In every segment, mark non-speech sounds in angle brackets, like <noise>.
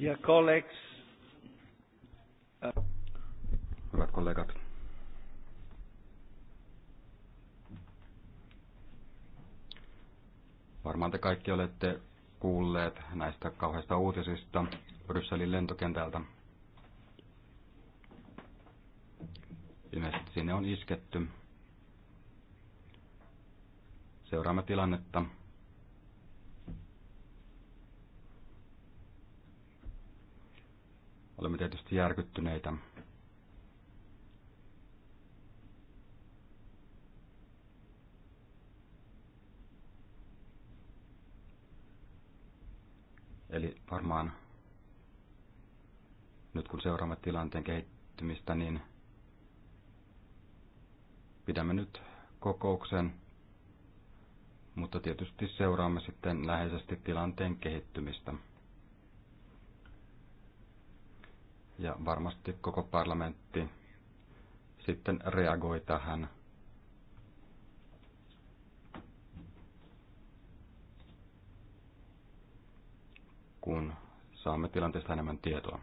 Dear colleagues. Uh, Hyvät kollegat. Varmaan te kaikki olette kuulleet näistä kauheista uutisista Brysselin lentokentältä. Ilmeisesti sinne on isketty. Seuraamme tilannetta. Olemme tietysti järkyttyneitä. Eli varmaan nyt kun seuraamme tilanteen kehittymistä, niin pidämme nyt kokouksen, mutta tietysti seuraamme sitten läheisesti tilanteen kehittymistä. ja varmasti koko parlamentti sitten reagoi tähän. kun saamme tilanteesta enemmän tietoa.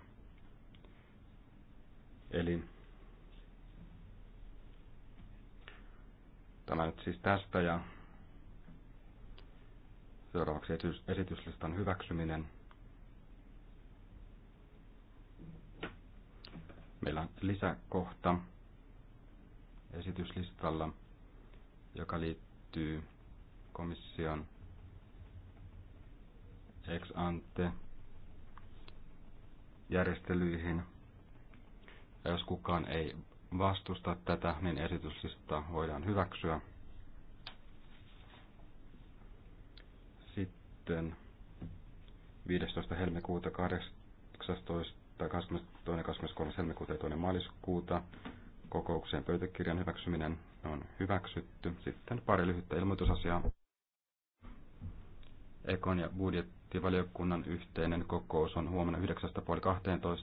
Eli tämä nyt siis tästä ja seuraavaksi esityslistan hyväksyminen. Meillä on lisäkohta esityslistalla, joka liittyy komission ex ante järjestelyihin. Ja jos kukaan ei vastusta tätä, niin esityslista voidaan hyväksyä. Sitten 15. helmikuuta 18 tai 22. 23. helmikuuta ja 2. maaliskuuta kokoukseen pöytäkirjan hyväksyminen on hyväksytty. Sitten pari lyhyttä ilmoitusasiaa. Ekon ja budjettivaliokunnan yhteinen kokous on huomenna 9.30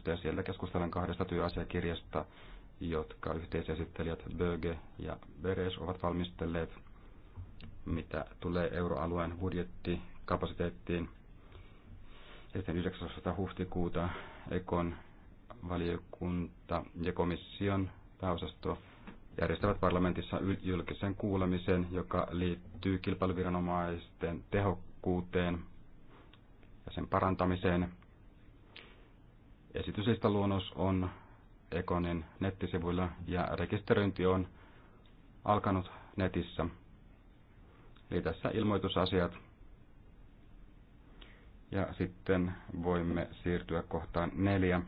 ja siellä keskustellaan kahdesta työasiakirjasta, jotka yhteisesittelijät Böge ja Beres ovat valmistelleet, mitä tulee euroalueen budjettikapasiteettiin. sitten 19. huhtikuuta Ekon valiokunta ja komission pääosasto järjestävät parlamentissa julkisen kuulemisen, joka liittyy kilpailuviranomaisten tehokkuuteen ja sen parantamiseen. luonnos on Ekonin nettisivuilla ja rekisteröinti on alkanut netissä. Eli tässä ilmoitusasiat ja sitten voimme siirtyä kohtaan neljä,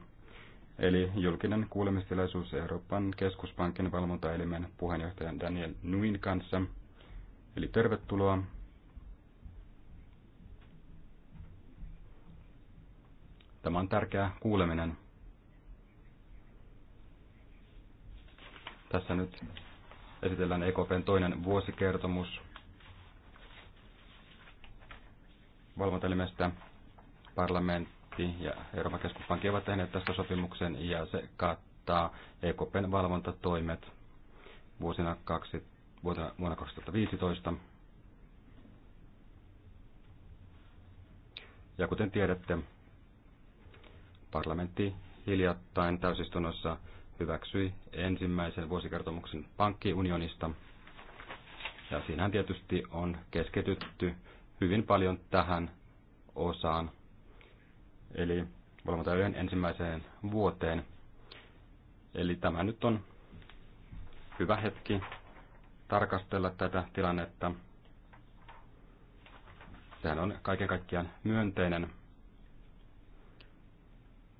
eli julkinen kuulemistilaisuus Euroopan keskuspankin valvontaelimen puheenjohtajan Daniel Nuin kanssa. Eli tervetuloa. Tämä on tärkeä kuuleminen. Tässä nyt esitellään EKPn toinen vuosikertomus valvontaelimestä parlamentti ja Euroopan keskuspankki ovat tehneet tästä sopimuksen ja se kattaa EKPn valvontatoimet vuosina kaksi, vuonna, vuonna 2015. Ja kuten tiedätte, parlamentti hiljattain täysistunnossa hyväksyi ensimmäisen vuosikertomuksen pankkiunionista. Ja siinähän tietysti on keskitytty hyvin paljon tähän osaan eli valvontajojen ensimmäiseen vuoteen. Eli tämä nyt on hyvä hetki tarkastella tätä tilannetta. Sehän on kaiken kaikkiaan myönteinen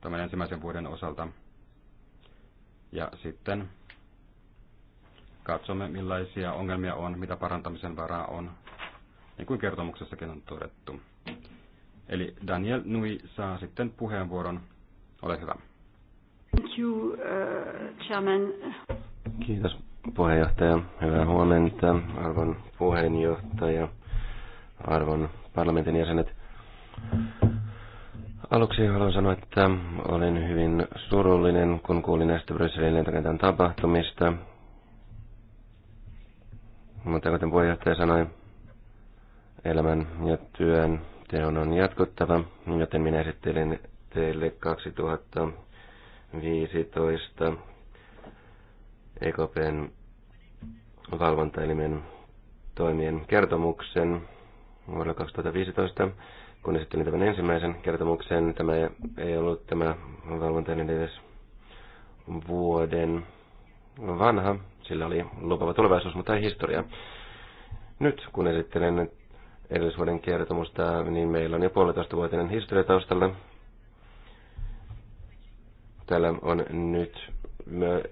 tämän ensimmäisen vuoden osalta. Ja sitten katsomme, millaisia ongelmia on, mitä parantamisen varaa on, niin kuin kertomuksessakin on todettu. Eli Daniel Nui saa sitten puheenvuoron. Ole hyvä. Thank you, uh, chairman. Kiitos puheenjohtaja. Hyvää huomenta, arvon puheenjohtaja, arvon parlamentin jäsenet. Aluksi haluan sanoa, että olen hyvin surullinen, kun kuulin näistä Brysselin lentokentän tapahtumista. Mutta kuten puheenjohtaja sanoi, elämän ja työn teon on jatkottava, joten minä esittelen teille 2015 EKPn valvontaelimen toimien kertomuksen vuodelle 2015, kun esittelin tämän ensimmäisen kertomuksen. Tämä ei ollut tämä valvontaelin edes vuoden vanha, sillä oli lupava tulevaisuus, mutta ei historia. Nyt kun esittelen edellisvuoden kertomusta, niin meillä on jo puolitoista vuotinen historia taustalla. Täällä on nyt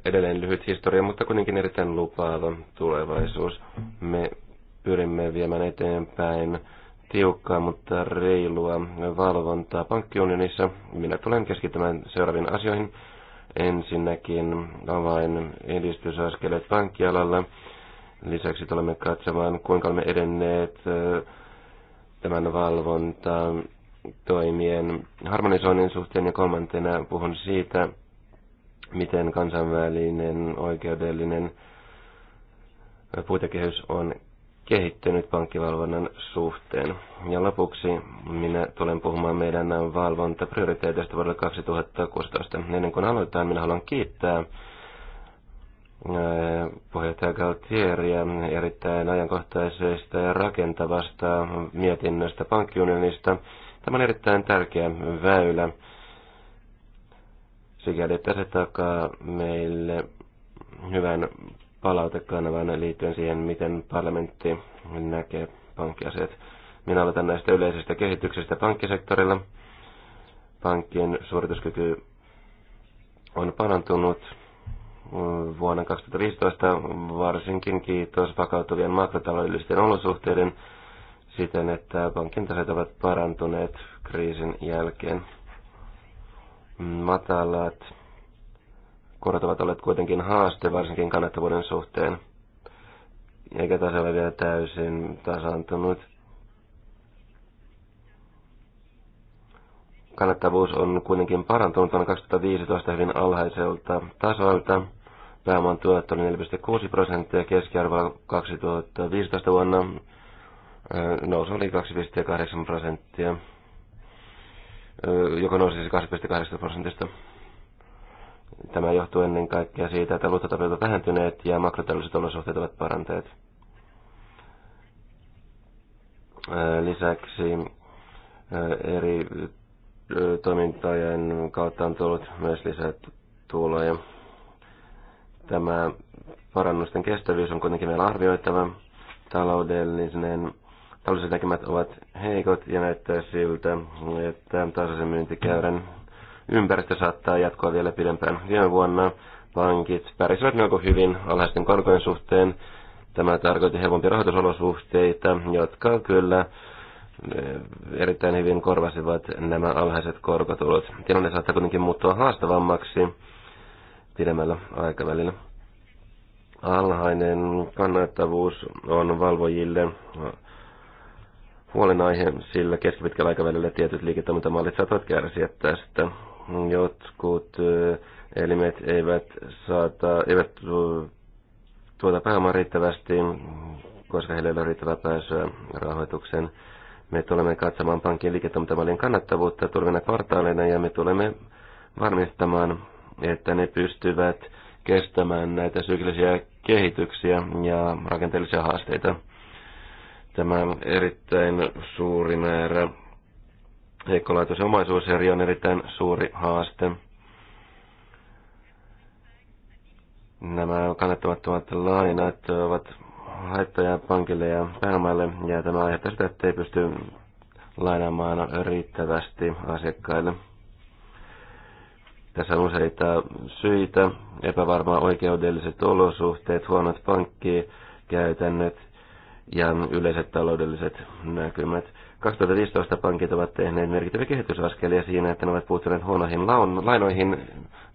edelleen lyhyt historia, mutta kuitenkin erittäin lupaava tulevaisuus. Me pyrimme viemään eteenpäin tiukkaa, mutta reilua valvontaa pankkiunionissa. Minä tulen keskittämään seuraaviin asioihin. Ensinnäkin avain edistysaskeleet pankkialalla. Lisäksi tulemme katsomaan, kuinka olemme edenneet tämän valvonta toimien harmonisoinnin suhteen ja kolmantena puhun siitä, miten kansainvälinen oikeudellinen puitekehys on kehittynyt pankkivalvonnan suhteen. Ja lopuksi minä tulen puhumaan meidän valvontaprioriteeteista vuodelle 2016. Ennen kuin aloitetaan, minä haluan kiittää puheenjohtaja Galtieriä erittäin ajankohtaisesta ja rakentavasta mietinnöstä pankkiunionista. Tämä on erittäin tärkeä väylä, sikäli että se takaa meille hyvän palautekanavan liittyen siihen, miten parlamentti näkee pankkiasiat. Minä aloitan näistä yleisistä kehityksistä pankkisektorilla. Pankkien suorituskyky on parantunut vuonna 2015, varsinkin kiitos vakautuvien makrotaloudellisten olosuhteiden siten, että pankin taseet ovat parantuneet kriisin jälkeen. Matalat korot ovat olleet kuitenkin haaste, varsinkin kannattavuuden suhteen, eikä tase ole vielä täysin tasantunut. Kannattavuus on kuitenkin parantunut vuonna 2015 hyvin alhaiselta tasolta Pääoman tuotto oli 4,6 prosenttia keskiarvoa 2015 vuonna. Nousu oli 2,8 prosenttia, joka nousi siis 2,8 prosentista. Tämä johtuu ennen kaikkea siitä, että luottotapeet ovat vähentyneet ja makrotaloudelliset olosuhteet ovat paranteet. Lisäksi eri toimintojen kautta on tullut myös lisää tuloja. Tämä parannusten kestävyys on kuitenkin vielä arvioitava. Taloudellinen Taloudelliset näkymät ovat heikot ja näyttää siltä, että tasaisen myyntikäyrän ympäristö saattaa jatkoa vielä pidempään. Viime vuonna pankit pärisivät melko hyvin alhaisten korkojen suhteen. Tämä tarkoitti helpompia rahoitusolosuhteita, jotka kyllä eh, erittäin hyvin korvasivat nämä alhaiset korkotulot. Tilanne saattaa kuitenkin muuttua haastavammaksi pidemmällä aikavälillä. Alhainen kannattavuus on valvojille huolenaihe, sillä keskipitkällä aikavälillä tietyt liiketoimintamallit saattavat kärsiä tästä. Jotkut eh, elimet eivät, saata, eivät eh, tuota pääomaa riittävästi, koska heillä ei ole riittävää pääsyä rahoitukseen. Me tulemme katsomaan pankin liiketoimintamallin kannattavuutta tulevina kvartaaleina ja me tulemme varmistamaan että ne pystyvät kestämään näitä syklisiä kehityksiä ja rakenteellisia haasteita. Tämä erittäin suuri määrä heikkolaatuisomaisuuseriä on erittäin suuri haaste. Nämä kannattamattomat lainat ovat haittaja pankille ja pääomalle, ja tämä aiheuttaa sitä, että ei pysty lainaamaan riittävästi asiakkaille. Tässä on useita syitä, epävarmaa oikeudelliset olosuhteet, huonot pankkikäytännöt ja yleiset taloudelliset näkymät. 2015 pankit ovat tehneet merkittäviä kehitysaskelia siinä, että ne ovat puuttuneet huonoihin lainoihin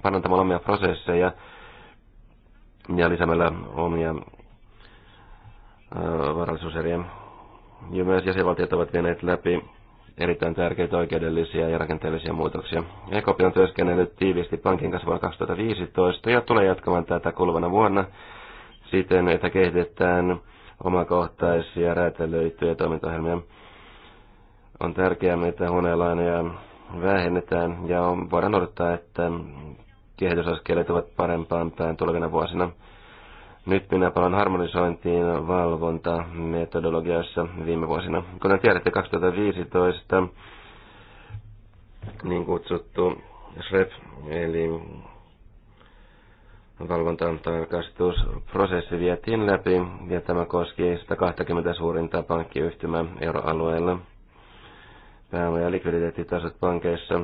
parantamalla omia prosesseja ja lisäämällä omia varallisuuserien. Ja myös jäsenvaltiot ovat vieneet läpi erittäin tärkeitä oikeudellisia ja rakenteellisia muutoksia. EKP on työskennellyt tiiviisti pankin kanssa vuonna 2015 ja tulee jatkamaan tätä kuluvana vuonna siten, että kehitetään omakohtaisia räätälöityjä toimintaohjelmia. On tärkeää, että huoneenlainoja vähennetään ja on, voidaan odottaa, että kehitysaskeleet ovat parempaan päin tulevina vuosina. Nyt minä palaan harmonisointiin valvontametodologiassa viime vuosina. Kuten tiedätte, 2015 niin kutsuttu SREP, eli valvontatarkastusprosessi vietiin läpi, ja tämä koski 120 suurinta pankkiyhtymää euroalueella. Pääoma- ja likviditeettitasot pankeissa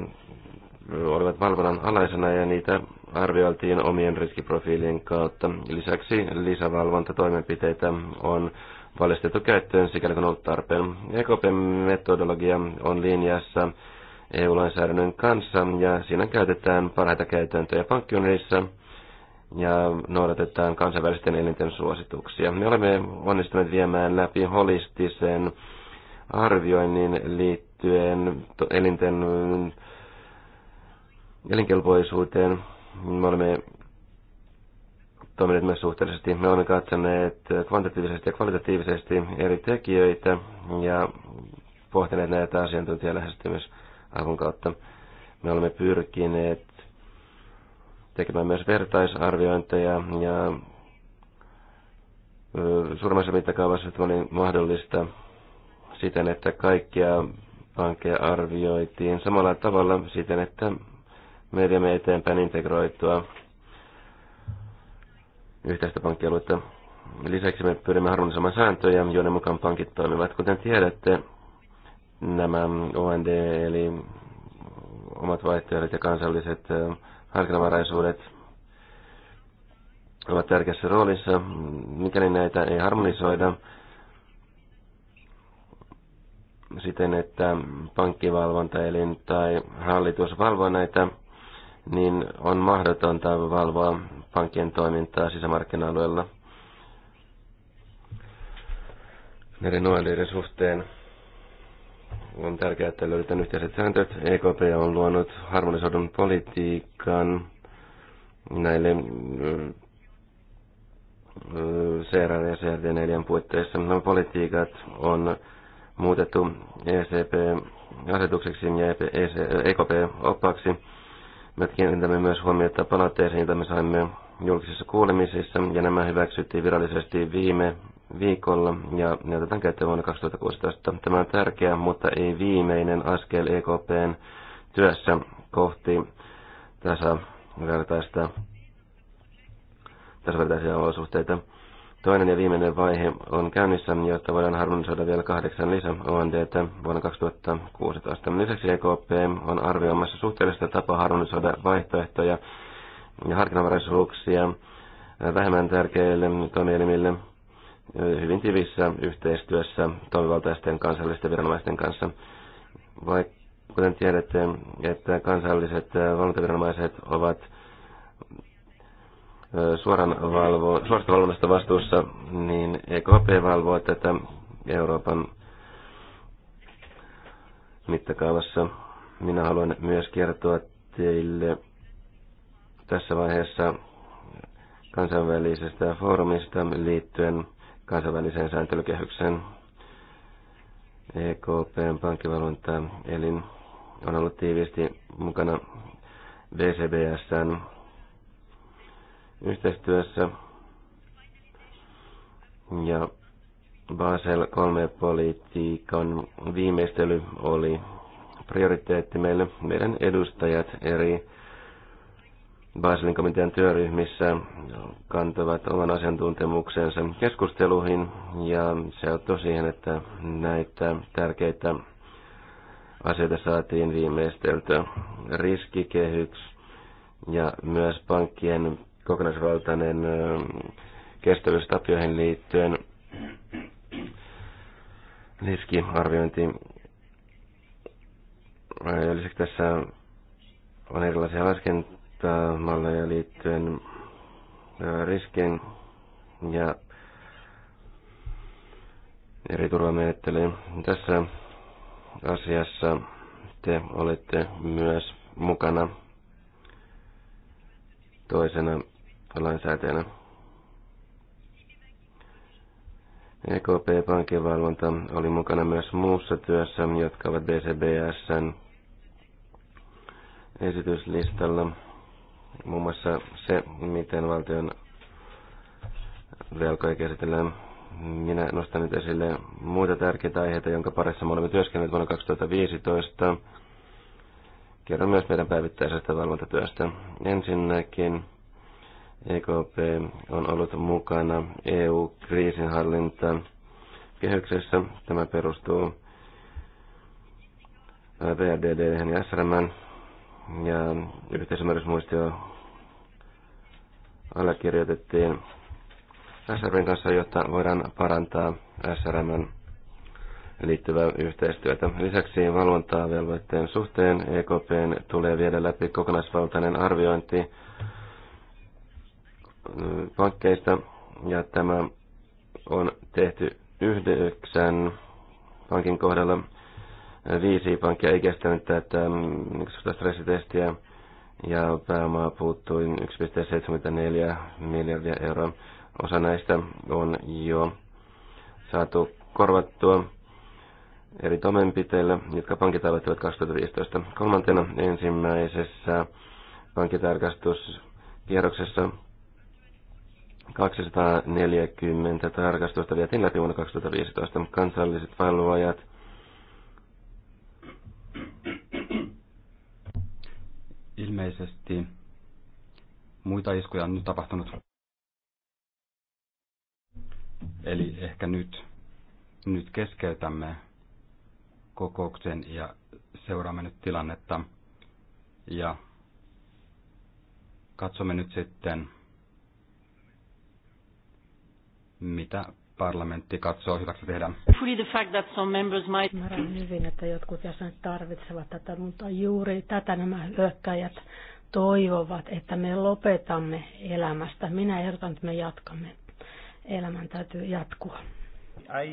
olivat valvonnan alaisena, ja niitä arvioitiin omien riskiprofiilien kautta. Lisäksi lisävalvontatoimenpiteitä on valistettu käyttöön sikäli kun ollut tarpeen. EKP-metodologia on linjassa EU-lainsäädännön kanssa ja siinä käytetään parhaita käytäntöjä pankkiunionissa ja noudatetaan kansainvälisten elinten suosituksia. Me olemme onnistuneet viemään läpi holistisen arvioinnin liittyen elinten elinkelpoisuuteen me olemme toimineet myös suhteellisesti. Me olemme katsoneet kvantitatiivisesti ja kvalitatiivisesti eri tekijöitä ja pohtineet näitä asiantuntijalähestymisavun kautta. Me olemme pyrkineet tekemään myös vertaisarviointeja ja suuremmassa mittakaavassa että oli mahdollista siten, että kaikkia pankkeja arvioitiin samalla tavalla siten, että me eteenpäin integroitua yhteistä pankkialuetta. Lisäksi me pyrimme harmonisoimaan sääntöjä, joiden mukaan pankit toimivat. Kuten tiedätte, nämä OND eli omat vaihtoehdot ja kansalliset harkinnanvaraisuudet ovat tärkeässä roolissa. Mikäli näitä ei harmonisoida siten, että pankkivalvontaelin tai hallitus valvoo näitä niin on mahdotonta valvoa pankkien toimintaa sisämarkkina-alueella näiden noelliiden suhteen. On tärkeää, että löydetään yhteiset sääntöt. EKP on luonut harmonisoidun politiikan näille CRR ja CRD4 puitteissa. Nämä politiikat on muutettu ECP-asetukseksi ja EKP-oppaaksi me kiinnitämme myös huomiota palautteeseen, jota me saimme julkisissa kuulemisissa, ja nämä hyväksyttiin virallisesti viime viikolla, ja ne otetaan käyttöön vuonna 2016. Tämä on tärkeä, mutta ei viimeinen askel EKPn työssä kohti tasavertaista tasavertaisia olosuhteita. Toinen ja viimeinen vaihe on käynnissä, jotta voidaan harmonisoida vielä kahdeksan lisä ONDtä vuonna 2016. Lisäksi EKP on arvioimassa suhteellista tapaa harmonisoida vaihtoehtoja ja harkinnanvaraisuuksia vähemmän tärkeille toimielimille hyvin tiivissä yhteistyössä toimivaltaisten kansallisten viranomaisten kanssa. Vaikka kuten tiedätte, että kansalliset valvontaviranomaiset ovat suoran valvo, suorasta valvonnasta vastuussa, niin EKP valvoo tätä Euroopan mittakaavassa. Minä haluan myös kertoa teille tässä vaiheessa kansainvälisestä foorumista liittyen kansainväliseen sääntelykehykseen. EKPn pankkivalvonta elin on ollut tiiviisti mukana VCBSn yhteistyössä. Ja Basel 3-politiikan viimeistely oli prioriteetti meille. Meidän edustajat eri Baselin komitean työryhmissä kantavat oman asiantuntemuksensa keskusteluihin ja se auttoi siihen, että näitä tärkeitä asioita saatiin viimeisteltyä. Riskikehys ja myös pankkien kokonaisvaltainen kestävyystapioihin liittyen riskiarviointi. Lisäksi tässä on erilaisia laskentamalleja liittyen riskien ja eri turvamenettelyyn. Tässä asiassa te olette myös mukana toisena lainsäätäjänä. EKP-pankin valvonta oli mukana myös muussa työssä, jotka ovat BCBSn esityslistalla. Muun muassa se, miten valtion velkoja käsitellään. Minä nostan nyt esille muita tärkeitä aiheita, jonka parissa me olemme työskennelleet vuonna 2015. Kerron myös meidän päivittäisestä valvontatyöstä. Ensinnäkin EKP on ollut mukana EU-kriisinhallinta kehyksessä. Tämä perustuu BRDD ja SRM ja yhteisymmärrysmuistio allekirjoitettiin SRMn kanssa, jotta voidaan parantaa SRM liittyvää yhteistyötä. Lisäksi valvontaa velvoitteen suhteen EKPn tulee viedä läpi kokonaisvaltainen arviointi pankkeista ja tämä on tehty yhdeksän pankin kohdalla. Viisi pankkia ei kestänyt tätä mm, stressitestiä ja pääomaa puuttui 1,74 miljardia euroa. Osa näistä on jo saatu korvattua eri toimenpiteillä, jotka pankit aloittivat 2015. Kolmantena ensimmäisessä pankkitarkastuskierroksessa 240 tarkastusta vietiin läpi vuonna 2015. Kansalliset valvoajat ilmeisesti muita iskuja on nyt tapahtunut. Eli ehkä nyt, nyt keskeytämme kokouksen ja seuraamme nyt tilannetta ja katsomme nyt sitten mitä parlamentti katsoo hyväksi tehdä. Ymmärrän hyvin, että jotkut jäsenet tarvitsevat tätä, mutta juuri tätä nämä hyökkäjät toivovat, että me lopetamme elämästä. Minä ehdotan, että me jatkamme. Elämän täytyy jatkua. I,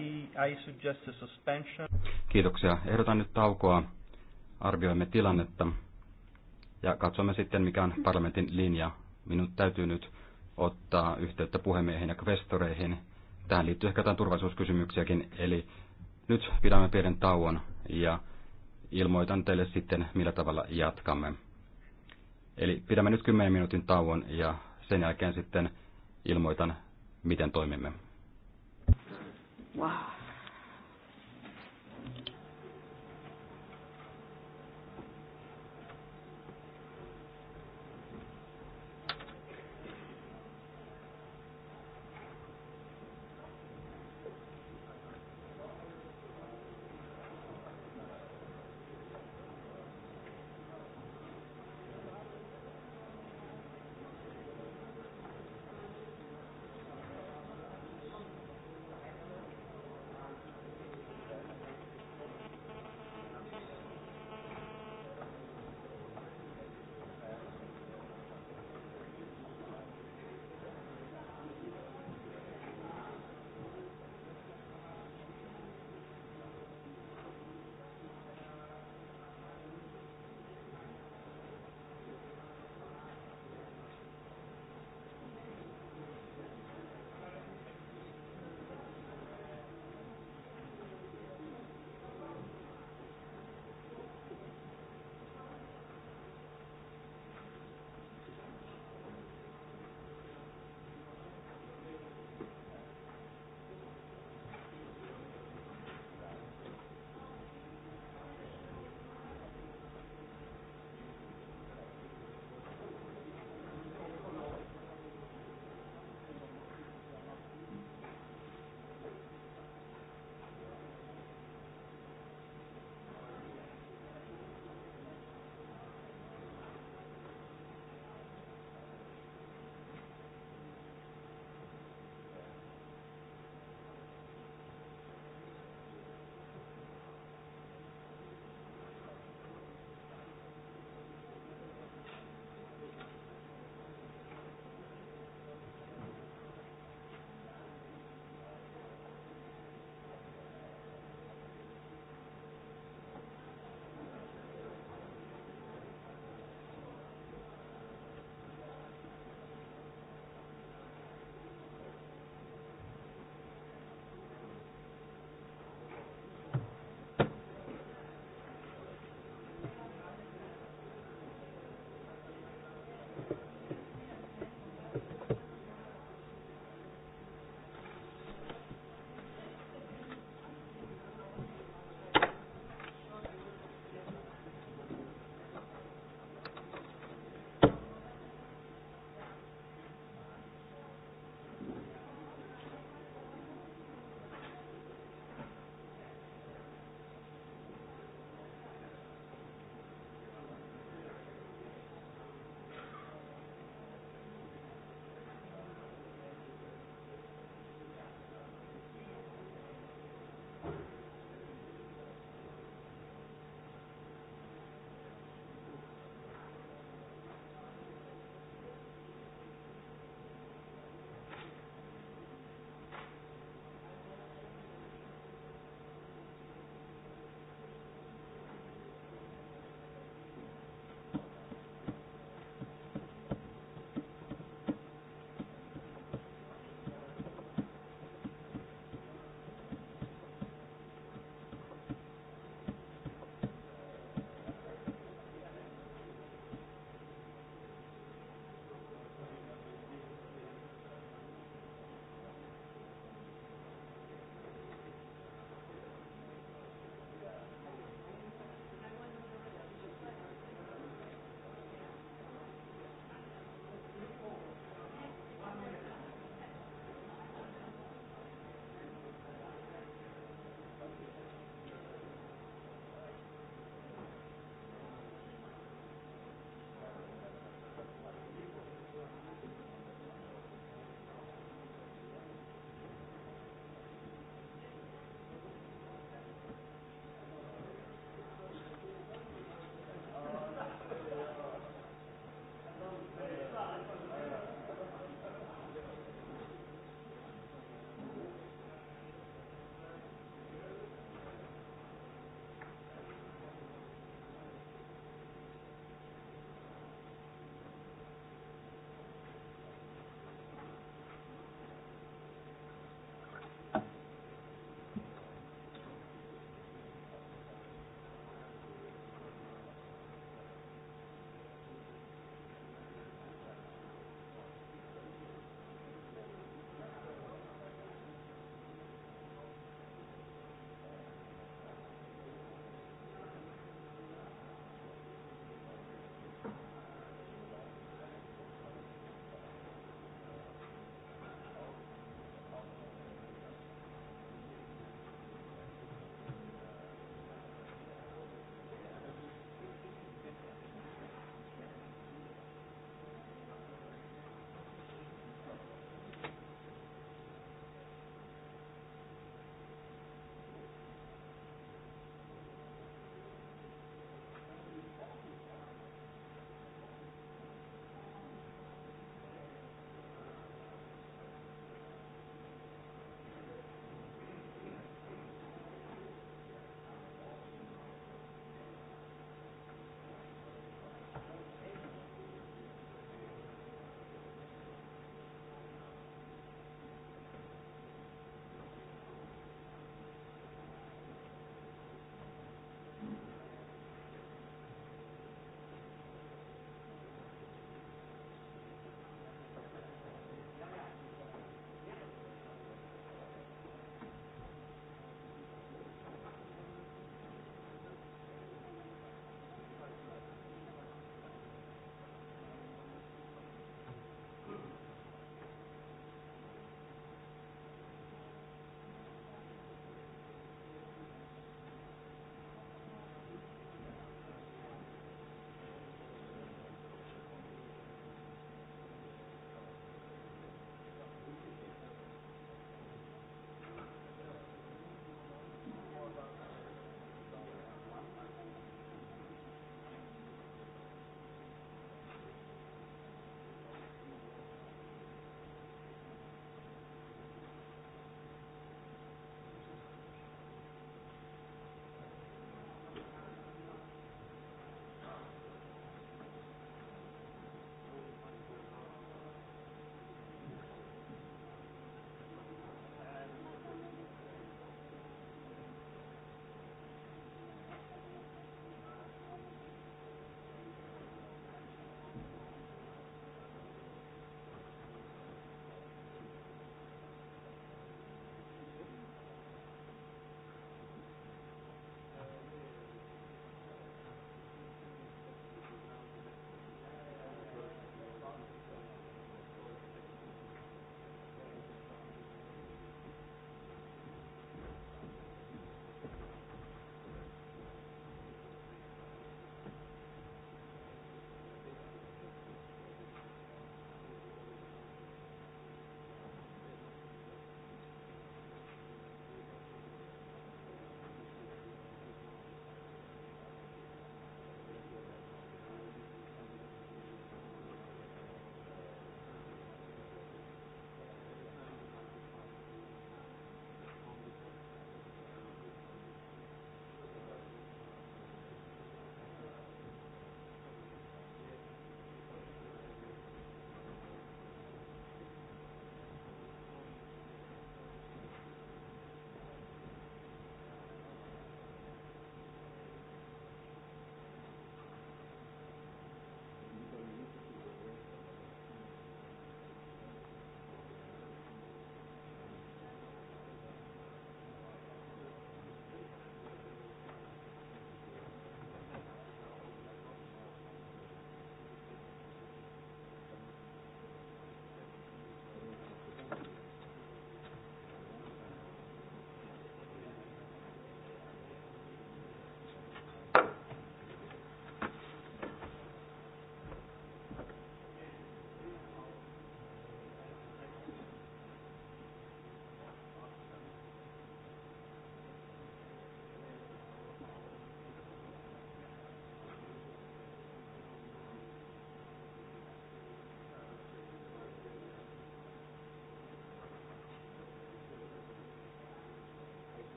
I suggest a suspension. Kiitoksia. Ehdotan nyt taukoa. Arvioimme tilannetta ja katsomme sitten, mikä on parlamentin linja. Minun täytyy nyt ottaa yhteyttä puhemiehiin ja kvestoreihin. Tähän liittyy ehkä jotain turvallisuuskysymyksiäkin, eli nyt pidämme pienen tauon ja ilmoitan teille sitten, millä tavalla jatkamme. Eli pidämme nyt 10 minuutin tauon ja sen jälkeen sitten ilmoitan, miten toimimme. Wow.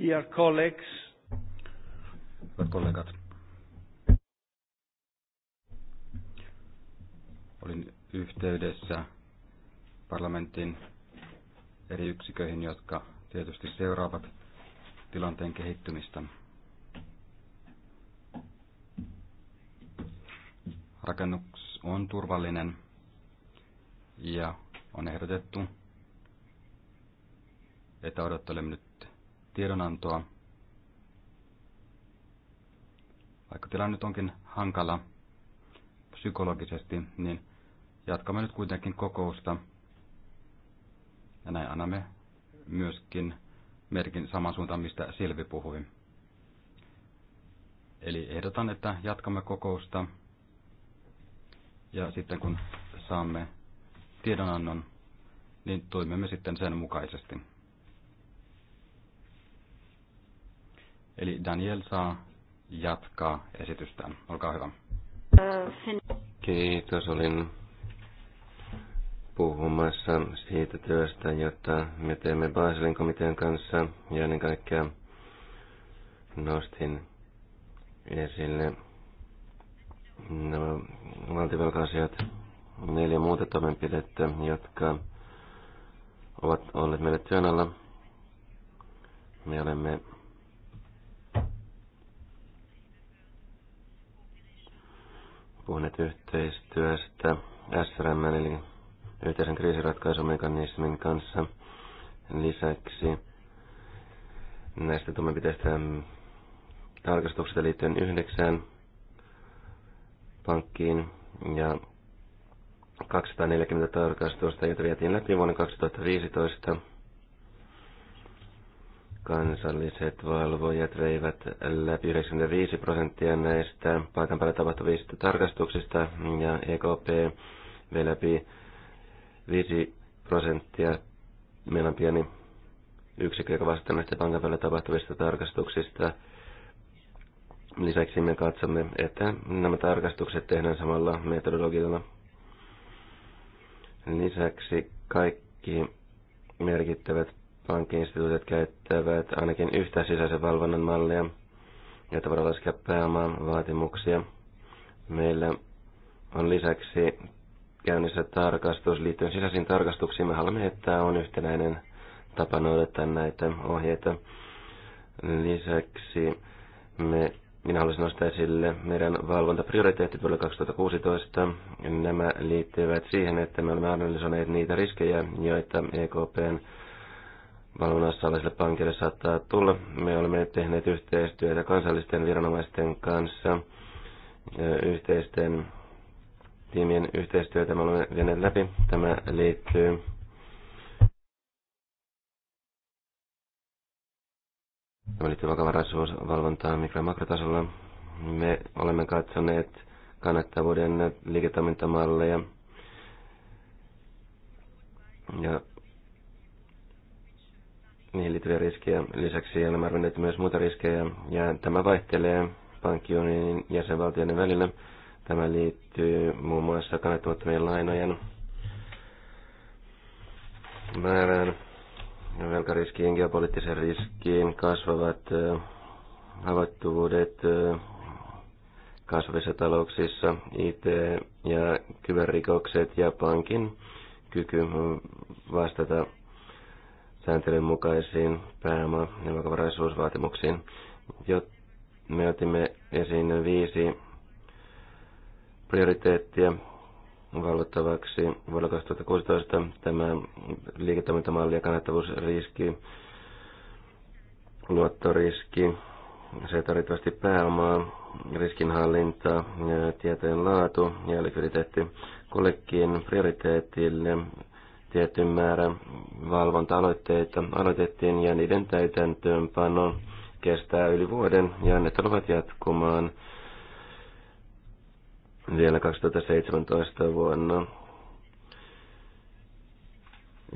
Dear colleagues. Hyvät kollegat. Olin yhteydessä parlamentin eri yksiköihin, jotka tietysti seuraavat tilanteen kehittymistä. Rakennus on turvallinen ja on ehdotettu, että odottelemme nyt tiedonantoa. Vaikka tilanne nyt onkin hankala psykologisesti, niin jatkamme nyt kuitenkin kokousta. Ja näin annamme myöskin merkin saman suuntaan, mistä Silvi puhui. Eli ehdotan, että jatkamme kokousta ja sitten kun saamme tiedonannon, niin toimimme sitten sen mukaisesti. Eli Daniel saa jatkaa esitystään. Olkaa hyvä. Kiitos. Olin puhumassa siitä työstä, jota me teemme Baselin komitean kanssa ja ennen kaikkea nostin esille nämä valtiovelka-asiat, neljä muuta toimenpidettä, jotka ovat olleet meille työn alla. Me olemme puhuneet yhteistyöstä SRM eli yhteisen kriisiratkaisumekanismin kanssa. Lisäksi näistä toimenpiteistä tarkastuksista liittyen yhdeksään pankkiin ja 240 tarkastusta, joita vietiin läpi vuonna 2015 kansalliset valvojat veivät läpi 95 prosenttia näistä paikan päällä tapahtuvista tarkastuksista ja EKP vei läpi 5 prosenttia. Meillä on pieni yksikkö, joka vastaa näistä paikan päällä tapahtuvista tarkastuksista. Lisäksi me katsomme, että nämä tarkastukset tehdään samalla metodologialla. Lisäksi kaikki merkittävät pankkiinstituutit käyttävät ainakin yhtä sisäisen valvonnan mallia, jotta voidaan laskea pääomaan vaatimuksia. Meillä on lisäksi käynnissä tarkastus liittyen sisäisiin tarkastuksiin. Me haluamme, että on yhtenäinen tapa noudattaa näitä ohjeita. Lisäksi me, minä haluaisin nostaa esille meidän valvontaprioriteetit vuodelle 2016. Nämä liittyvät siihen, että me olemme analysoineet niitä riskejä, joita EKPn valvonnassa oleville pankeille saattaa tulla. Me olemme nyt tehneet yhteistyötä kansallisten viranomaisten kanssa, yhteisten tiimien yhteistyötä me olemme vieneet läpi. Tämä liittyy Tämä liittyy vakavaraisuusvalvontaan mikro- ja makrotasolla. Me olemme katsoneet kannattavuuden liiketoimintamalleja ja niihin liittyviä riskejä. Lisäksi on arvinneet myös muita riskejä, ja tämä vaihtelee pankkiunionin jäsenvaltioiden välillä. Tämä liittyy muun muassa kannattamattomien lainojen määrään, velkariskiin, geopoliittiseen riskiin, kasvavat havaittuvuudet kasvavissa talouksissa, IT- ja kyberrikokset ja pankin kyky vastata sääntelyn mukaisiin pääoma- ja vakavaraisuusvaatimuksiin. Jo, me otimme esiin viisi prioriteettia valvottavaksi vuonna 2016 tämä liiketoimintamalli ja kannattavuusriski, luottoriski, se, tarvittavasti pääomaa, riskinhallinta, tietojen laatu ja likviditeetti. Kollekin prioriteetille tietty määrä valvonta-aloitteita aloitettiin ja niiden täytäntöönpano kestää yli vuoden ja ne tulevat jatkumaan vielä 2017 vuonna.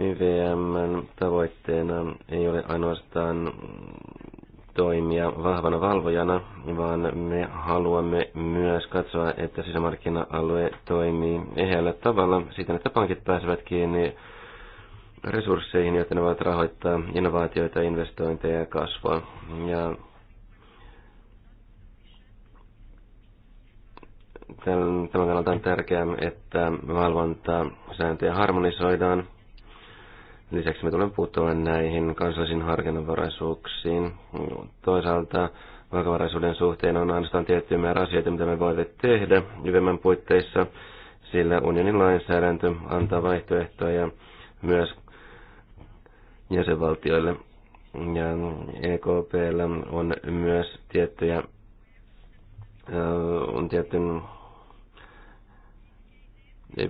YVMn tavoitteena ei ole ainoastaan toimia vahvana valvojana, vaan me haluamme myös katsoa, että sisämarkkina-alue toimii eheällä tavalla siten, että pankit pääsevät kiinni resursseihin, joita ne voivat rahoittaa innovaatioita, investointeja ja kasvua. Ja tämän kannalta on tärkeää, että valvontasääntöjä harmonisoidaan – Lisäksi me tulemme puuttumaan näihin kansallisiin harkinnanvaraisuuksiin. Toisaalta vakavaraisuuden suhteen on ainoastaan tietty määrä asioita, mitä me voimme tehdä YVMn puitteissa, sillä unionin lainsäädäntö antaa vaihtoehtoja myös jäsenvaltioille. Ja EKPllä on myös tiettyjä on tietyn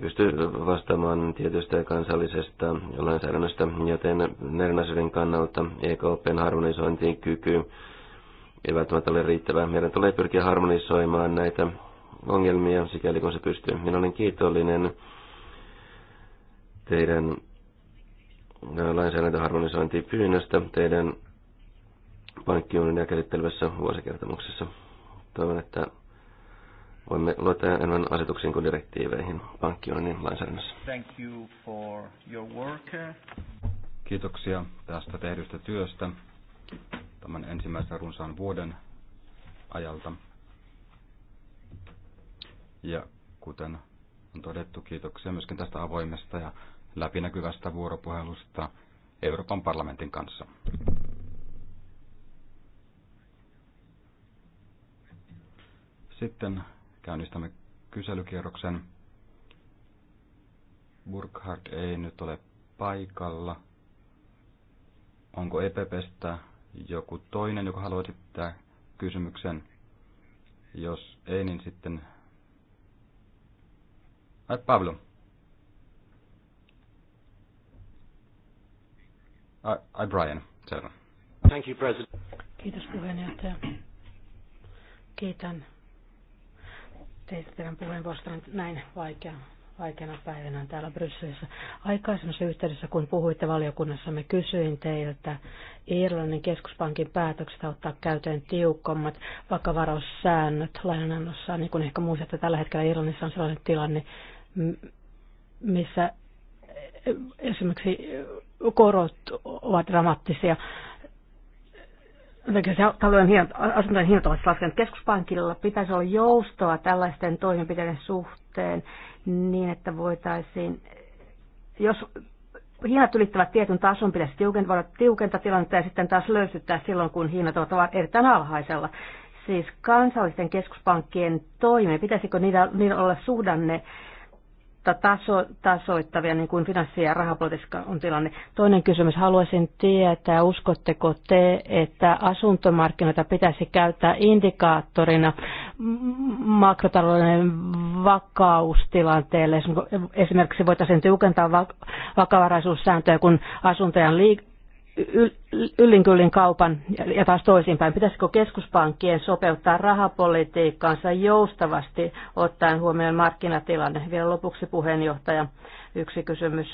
pysty vastaamaan tietystä kansallisesta lainsäädännöstä, joten näiden asioiden kannalta EKPn harmonisointiin kyky ei välttämättä ole riittävää. Meidän tulee pyrkiä harmonisoimaan näitä ongelmia sikäli kun se pystyy. Minä olen kiitollinen teidän pyynnöstä teidän pankkiunin ja käsittelevässä vuosikertomuksessa. Toivon, että voimme luottaa enemmän asetuksiin kuin direktiiveihin pankkiunionin lainsäädännössä. Thank you for your work. Kiitoksia tästä tehdystä työstä tämän ensimmäisen runsaan vuoden ajalta. Ja kuten on todettu, kiitoksia myöskin tästä avoimesta ja läpinäkyvästä vuoropuhelusta Euroopan parlamentin kanssa. Sitten käynnistämme kyselykierroksen. Burkhardt ei nyt ole paikalla. Onko EPPstä joku toinen, joka haluaa esittää kysymyksen? Jos ei, niin sitten... Ai Pablo. Ai, ai Brian, selvä. Thank you, President. Kiitos puheenjohtaja. Kiitän teitä teidän puheenvuorosta näin vaikea, vaikeana päivänä täällä Brysselissä. Aikaisemmassa yhteydessä, kun puhuitte valiokunnassa, me kysyin teiltä Irlannin keskuspankin päätöksestä ottaa käyttöön tiukommat vakavaraussäännöt lainanannossa. Niin kuin ehkä muistatte, tällä hetkellä Irlannissa on sellainen tilanne, missä esimerkiksi korot ovat dramaattisia talojen hinnat, asuntojen hinnat ovat siis laskeneet. Keskuspankilla pitäisi olla joustoa tällaisten toimenpiteiden suhteen niin, että voitaisiin, jos hinnat ylittävät tietyn tason, pitäisi tiukentaa, tiukentaa tilannetta ja sitten taas löysyttää silloin, kun hinnat ovat erittäin alhaisella. Siis kansallisten keskuspankkien toimi, pitäisikö niillä, niillä olla suhdanne mutta taso, tasoittavia, niin kuin finanssi- ja rahapolitiikka on tilanne. Toinen kysymys. Haluaisin tietää, uskotteko te, että asuntomarkkinoita pitäisi käyttää indikaattorina makrotalouden vakaustilanteelle? Esimerkiksi voitaisiin tiukentaa vakavaraisuussääntöjä, kun asuntojen liik- yllinkyllin kaupan ja taas toisinpäin. Pitäisikö keskuspankkien sopeuttaa rahapolitiikkaansa joustavasti ottaen huomioon markkinatilanne? Vielä lopuksi puheenjohtaja, yksi kysymys.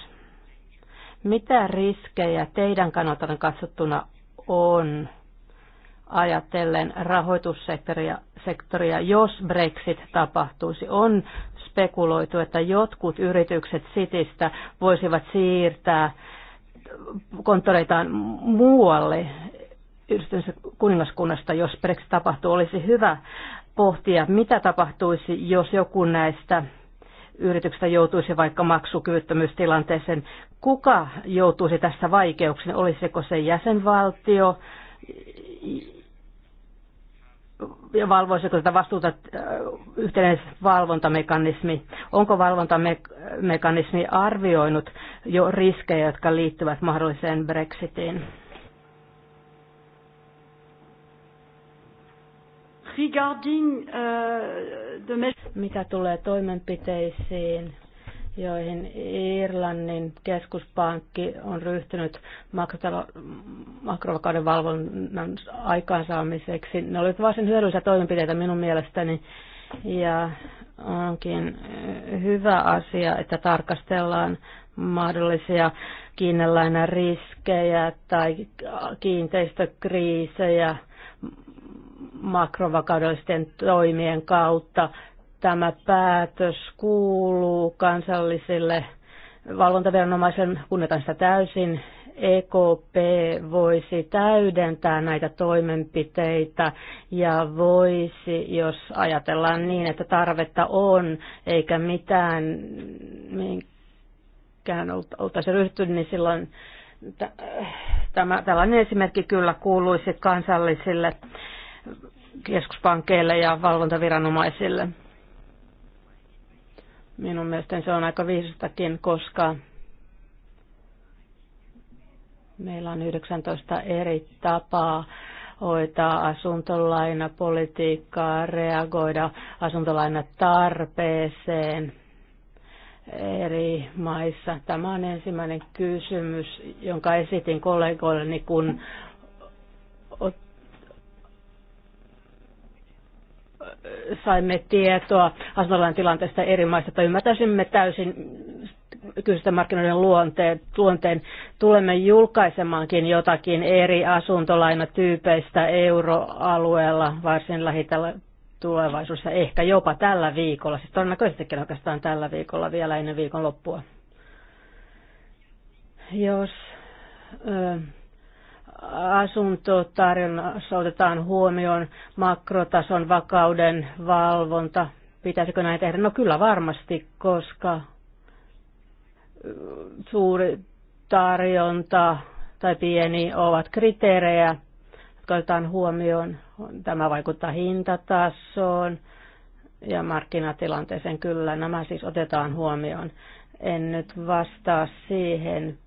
Mitä riskejä teidän kannaltanne katsottuna on ajatellen rahoitussektoria, sektoria, jos Brexit tapahtuisi? On spekuloitu, että jotkut yritykset Sitistä voisivat siirtää konttoreitaan muualle yhdistyneestä kuningaskunnasta, jos Brexit tapahtuu, olisi hyvä pohtia, mitä tapahtuisi, jos joku näistä yrityksistä joutuisi vaikka maksukyvyttömyystilanteeseen. Kuka joutuisi tässä vaikeuksiin? Olisiko se jäsenvaltio, ja valvoisiko tätä vastuuta yhteinen valvontamekanismi? Onko valvontamekanismi arvioinut jo riskejä, jotka liittyvät mahdolliseen Brexitiin? Regarding, uh, the... Mitä tulee toimenpiteisiin joihin Irlannin keskuspankki on ryhtynyt makrovakauden valvonnan aikaansaamiseksi. Ne olivat varsin hyödyllisiä toimenpiteitä minun mielestäni ja onkin hyvä asia, että tarkastellaan mahdollisia kiinnelläinä riskejä tai kiinteistökriisejä makrovakaudellisten toimien kautta tämä päätös kuuluu kansallisille valvontaviranomaisen, kunnetaan sitä täysin. EKP voisi täydentää näitä toimenpiteitä ja voisi, jos ajatellaan niin, että tarvetta on, eikä mitään, minkään oltaisi ryhtynyt, niin silloin tämä, tällainen esimerkki kyllä kuuluisi kansallisille keskuspankkeille ja valvontaviranomaisille. Minun mielestäni se on aika viisastakin, koska meillä on 19 eri tapaa hoitaa asuntolainapolitiikkaa, reagoida asuntolainatarpeeseen eri maissa. Tämä on ensimmäinen kysymys, jonka esitin kollegoilleni, kun saimme tietoa asuntolain tilanteesta eri maista, että ymmärtäisimme täysin kyseistä markkinoiden luonteen, luonteen. Tulemme julkaisemaankin jotakin eri asuntolainatyypeistä euroalueella varsin lähitellä tulevaisuudessa, ehkä jopa tällä viikolla, siis todennäköisestikin oikeastaan tällä viikolla vielä ennen viikon loppua. Jos ö, asuntotarjonnassa otetaan huomioon makrotason vakauden valvonta? Pitäisikö näin tehdä? No kyllä varmasti, koska suuri tarjonta tai pieni ovat kriteerejä, jotka otetaan huomioon. Tämä vaikuttaa hintatasoon ja markkinatilanteeseen. Kyllä, nämä siis otetaan huomioon. En nyt vastaa siihen,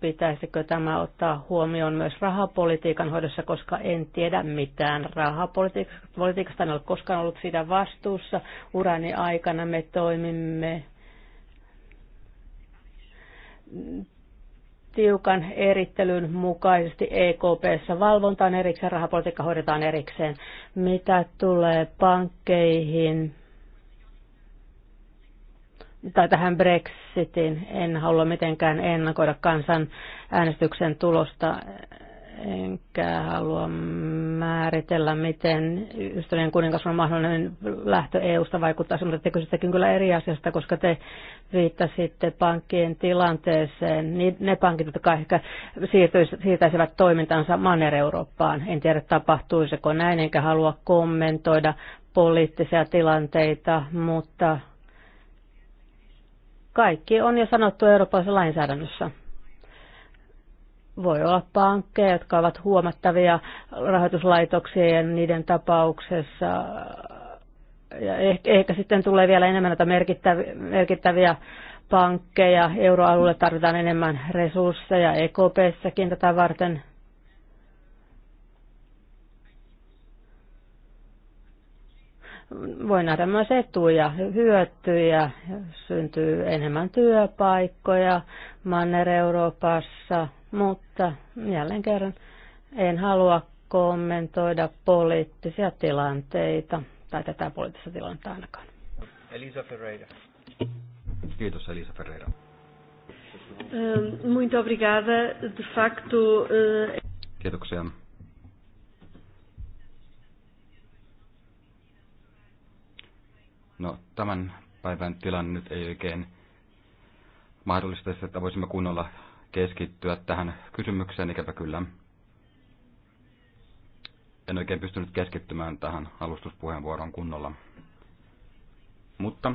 pitäisikö tämä ottaa huomioon myös rahapolitiikan hoidossa, koska en tiedä mitään rahapolitiikasta. En ole koskaan ollut siitä vastuussa. Urani aikana me toimimme tiukan erittelyn mukaisesti EKPssä valvontaan erikseen, rahapolitiikka hoidetaan erikseen. Mitä tulee pankkeihin, tai tähän Brexitin. En halua mitenkään ennakoida kansan äänestyksen tulosta, enkä halua määritellä, miten ystävien on mahdollinen lähtö EU-sta vaikuttaa, mutta te kysyttekin kyllä eri asiasta, koska te viittasitte pankkien tilanteeseen. Niin ne pankit, jotka ehkä siirtäisivät toimintansa Manner-Eurooppaan, en tiedä tapahtuisiko näin, enkä halua kommentoida poliittisia tilanteita, mutta kaikki on jo sanottu eurooppalaisessa lainsäädännössä. Voi olla pankkeja, jotka ovat huomattavia rahoituslaitoksia ja niiden tapauksessa. Ja ehkä, ehkä sitten tulee vielä enemmän näitä merkittäviä, merkittäviä pankkeja. Euroalueelle tarvitaan enemmän resursseja. EKPssäkin tätä varten voi nähdä myös etuja, hyötyjä, syntyy enemmän työpaikkoja Manner-Euroopassa, mutta jälleen kerran en halua kommentoida poliittisia tilanteita tai tätä poliittista tilannetta ainakaan. Elisa Ferreira. Kiitos Elisa Ferreira. Ehm, muito obrigada. De facto... Eh, Kiitoksia. No, tämän päivän tilanne nyt ei oikein mahdollista, että voisimme kunnolla keskittyä tähän kysymykseen, ikävä kyllä. En oikein pystynyt keskittymään tähän alustuspuheenvuoroon kunnolla. Mutta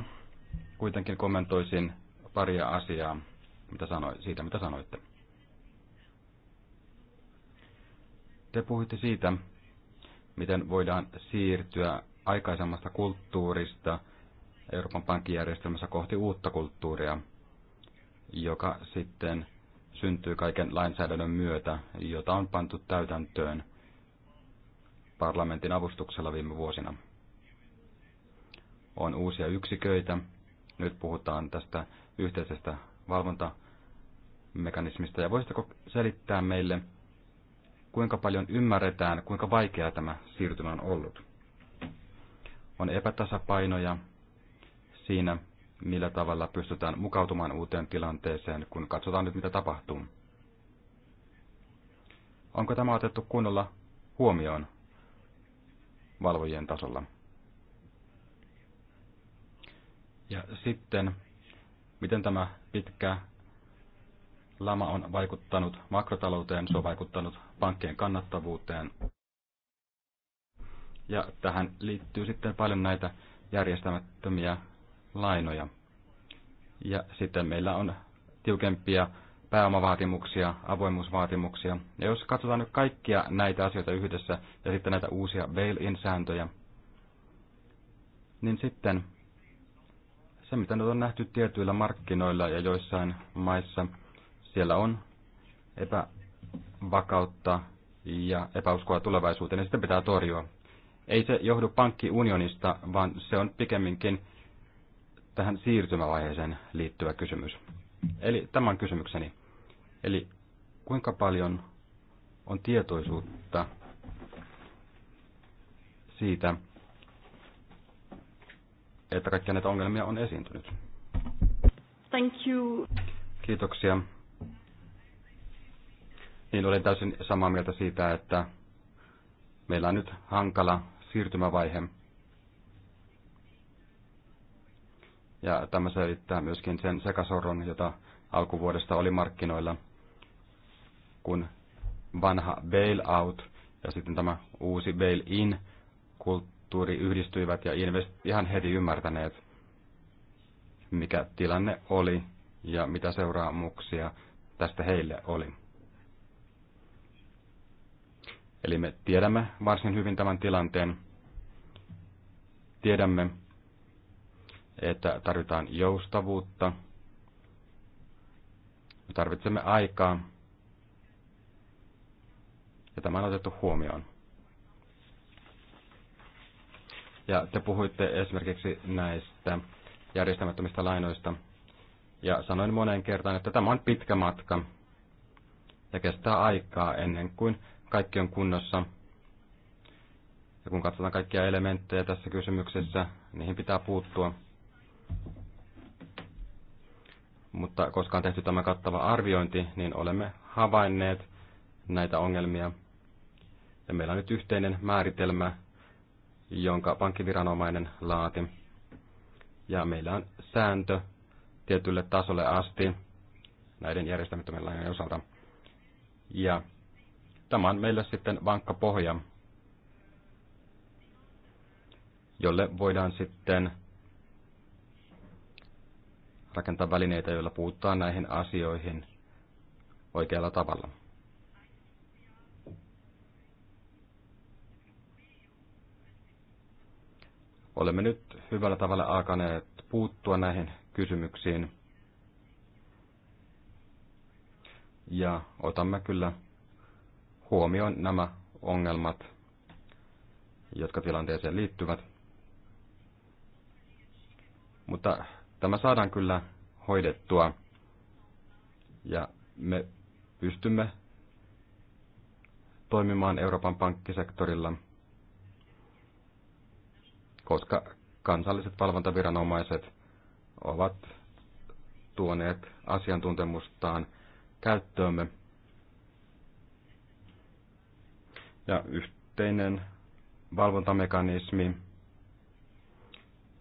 kuitenkin kommentoisin paria asiaa mitä sanoi, siitä, mitä sanoitte. Te puhuitte siitä, miten voidaan siirtyä aikaisemmasta kulttuurista – Euroopan pankkijärjestelmässä kohti uutta kulttuuria, joka sitten syntyy kaiken lainsäädännön myötä, jota on pantu täytäntöön parlamentin avustuksella viime vuosina. On uusia yksiköitä. Nyt puhutaan tästä yhteisestä valvontamekanismista. Ja voisitko selittää meille, kuinka paljon ymmärretään, kuinka vaikeaa tämä siirtymä on ollut? On epätasapainoja siinä, millä tavalla pystytään mukautumaan uuteen tilanteeseen, kun katsotaan nyt, mitä tapahtuu. Onko tämä otettu kunnolla huomioon valvojien tasolla? Ja sitten, miten tämä pitkä lama on vaikuttanut makrotalouteen, se on vaikuttanut pankkien kannattavuuteen. Ja tähän liittyy sitten paljon näitä järjestämättömiä lainoja. Ja sitten meillä on tiukempia pääomavaatimuksia, avoimuusvaatimuksia. Ja jos katsotaan nyt kaikkia näitä asioita yhdessä ja sitten näitä uusia bail-in-sääntöjä, niin sitten se, mitä nyt on nähty tietyillä markkinoilla ja joissain maissa, siellä on epävakautta ja epäuskoa tulevaisuuteen, ja niin sitä pitää torjua. Ei se johdu pankkiunionista, vaan se on pikemminkin tähän siirtymävaiheeseen liittyvä kysymys. Eli tämä on kysymykseni. Eli kuinka paljon on tietoisuutta siitä, että kaikkia näitä ongelmia on esiintynyt. Thank you. Kiitoksia. Niin olen täysin samaa mieltä siitä, että meillä on nyt hankala siirtymävaihe Ja tämä selittää myöskin sen sekasorron, jota alkuvuodesta oli markkinoilla, kun vanha bailout ja sitten tämä uusi bail-in kulttuuri yhdistyivät ja invest- ihan heti ymmärtäneet, mikä tilanne oli ja mitä seuraamuksia tästä heille oli. Eli me tiedämme varsin hyvin tämän tilanteen. Tiedämme, että tarvitaan joustavuutta. Me tarvitsemme aikaa. Ja tämä on otettu huomioon. Ja te puhuitte esimerkiksi näistä järjestämättömistä lainoista. Ja sanoin moneen kertaan, että tämä on pitkä matka ja kestää aikaa ennen kuin kaikki on kunnossa. Ja kun katsotaan kaikkia elementtejä tässä kysymyksessä, niihin pitää puuttua. Mutta koska on tehty tämä kattava arviointi, niin olemme havainneet näitä ongelmia. Ja meillä on nyt yhteinen määritelmä, jonka pankkiviranomainen laati. Ja meillä on sääntö tietylle tasolle asti näiden järjestämättömien lainojen osalta. Ja tämä on meille sitten vankka pohja, jolle voidaan sitten rakentaa välineitä, joilla puuttaa näihin asioihin oikealla tavalla. Olemme nyt hyvällä tavalla alkaneet puuttua näihin kysymyksiin. Ja otamme kyllä huomioon nämä ongelmat, jotka tilanteeseen liittyvät. Mutta tämä saadaan kyllä hoidettua ja me pystymme toimimaan Euroopan pankkisektorilla, koska kansalliset valvontaviranomaiset ovat tuoneet asiantuntemustaan käyttöömme. Ja yhteinen valvontamekanismi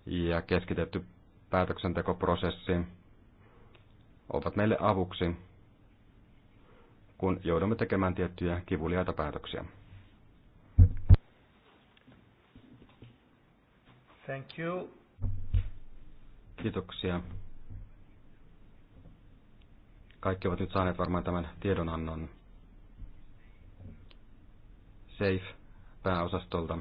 ja keskitetty päätöksentekoprosessi ovat meille avuksi, kun joudumme tekemään tiettyjä kivuliaita päätöksiä. Thank you. Kiitoksia. Kaikki ovat nyt saaneet varmaan tämän tiedonannon SAFE pääosastolta.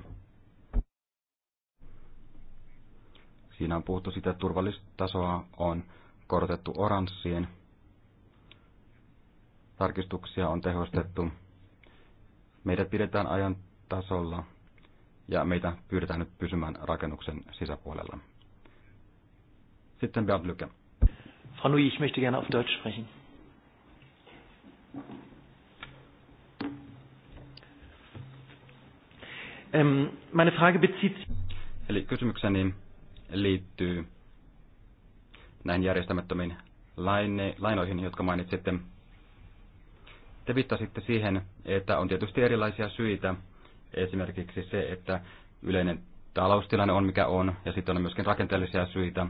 Siinä on puhuttu sitä, että turvallisuustasoa on korotettu oranssiin. Tarkistuksia on tehostettu. Meidät pidetään ajan tasolla ja meitä pyydetään nyt pysymään rakennuksen sisäpuolella. Sitten Bernd Lücke. Frau ich möchte gerne auf Deutsch sprechen. Ähm, meine Frage bezieht Eli kysymykseni liittyy näihin järjestämättömiin laine, lainoihin, jotka mainitsitte. Te viittasitte siihen, että on tietysti erilaisia syitä, esimerkiksi se, että yleinen taloustilanne on mikä on, ja sitten on myöskin rakenteellisia syitä.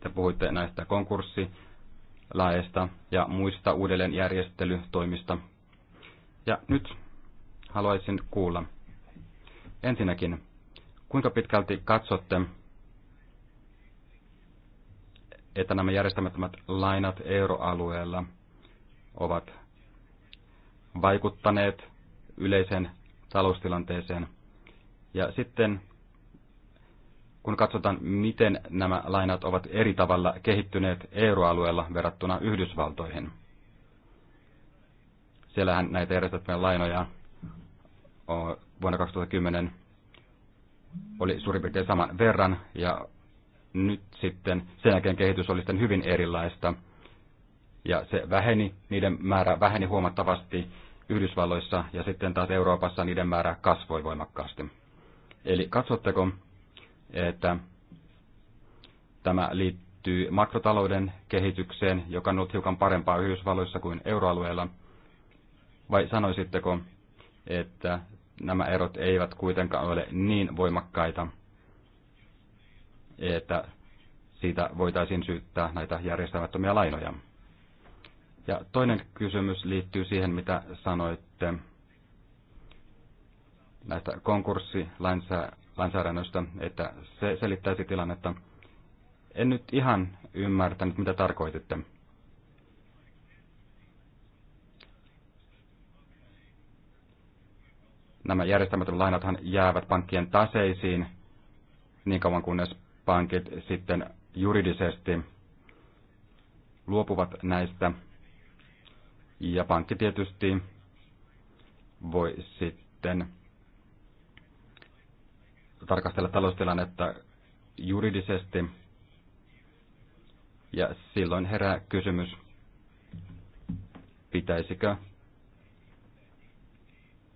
Te puhuitte näistä konkurssilaeista ja muista uudelleenjärjestelytoimista. Ja nyt haluaisin kuulla. Ensinnäkin, Kuinka pitkälti katsotte, että nämä järjestämättömät lainat euroalueella ovat vaikuttaneet yleiseen taloustilanteeseen? Ja sitten kun katsotaan, miten nämä lainat ovat eri tavalla kehittyneet euroalueella verrattuna Yhdysvaltoihin. Siellähän näitä järjestettyjä lainoja vuonna 2010 oli suurin piirtein saman verran ja nyt sitten sen jälkeen kehitys oli sitten hyvin erilaista ja se väheni, niiden määrä väheni huomattavasti Yhdysvalloissa ja sitten taas Euroopassa niiden määrä kasvoi voimakkaasti. Eli katsotteko, että tämä liittyy makrotalouden kehitykseen, joka on ollut hiukan parempaa Yhdysvalloissa kuin euroalueella, vai sanoisitteko, että nämä erot eivät kuitenkaan ole niin voimakkaita, että siitä voitaisiin syyttää näitä järjestämättömiä lainoja. Ja toinen kysymys liittyy siihen, mitä sanoitte näistä konkurssilainsäädännöstä, että se selittäisi tilannetta. En nyt ihan ymmärtänyt, mitä tarkoititte. nämä järjestämätön lainathan jäävät pankkien taseisiin niin kauan kunnes pankit sitten juridisesti luopuvat näistä. Ja pankki tietysti voi sitten tarkastella taloustilannetta juridisesti. Ja silloin herää kysymys, pitäisikö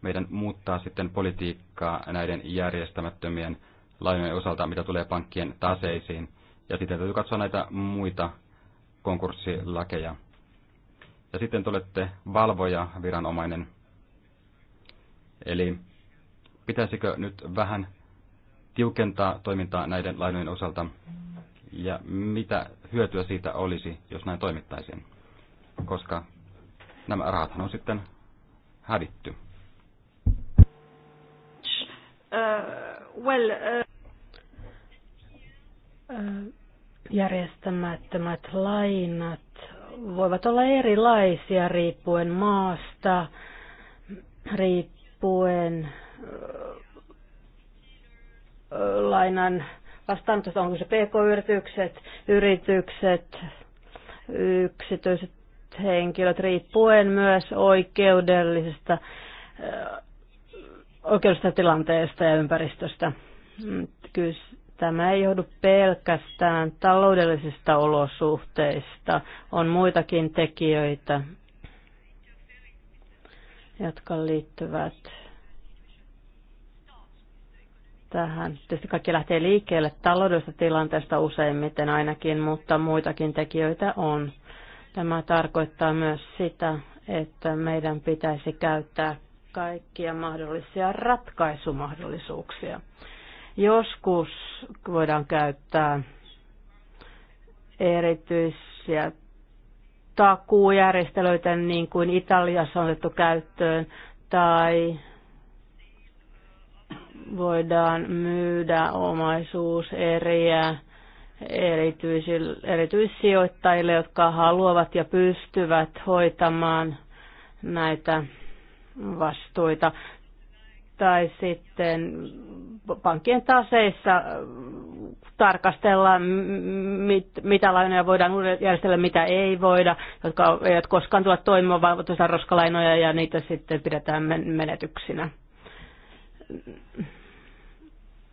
meidän muuttaa sitten politiikkaa näiden järjestämättömien lainojen osalta, mitä tulee pankkien taseisiin. Ja sitten täytyy katsoa näitä muita konkurssilakeja. Ja sitten te olette valvoja viranomainen. Eli pitäisikö nyt vähän tiukentaa toimintaa näiden lainojen osalta? Ja mitä hyötyä siitä olisi, jos näin toimittaisiin? Koska nämä rahathan on sitten hävitty. Uh, well, uh, järjestämättömät lainat voivat olla erilaisia riippuen maasta, riippuen lainan vastaanotosta, onko se pk-yritykset, yritykset, yksityiset henkilöt, riippuen myös oikeudellisesta oikeudesta tilanteesta ja ympäristöstä. Mm, kyllä tämä ei johdu pelkästään taloudellisista olosuhteista, on muitakin tekijöitä, jotka liittyvät tähän. Tietysti kaikki lähtee liikkeelle taloudellisesta tilanteesta useimmiten ainakin, mutta muitakin tekijöitä on. Tämä tarkoittaa myös sitä, että meidän pitäisi käyttää kaikkia mahdollisia ratkaisumahdollisuuksia. Joskus voidaan käyttää erityisiä takuujärjestelyitä, niin kuin Italiassa on otettu käyttöön, tai voidaan myydä omaisuus eriä erityissijoittajille, jotka haluavat ja pystyvät hoitamaan näitä vastuita. Tai sitten pankkien taseissa äh, tarkastellaan, mit, mitä lainoja voidaan järjestellä, mitä ei voida, jotka eivät koskaan tule toimimaan, vaan roskalainoja ja niitä sitten pidetään menetyksinä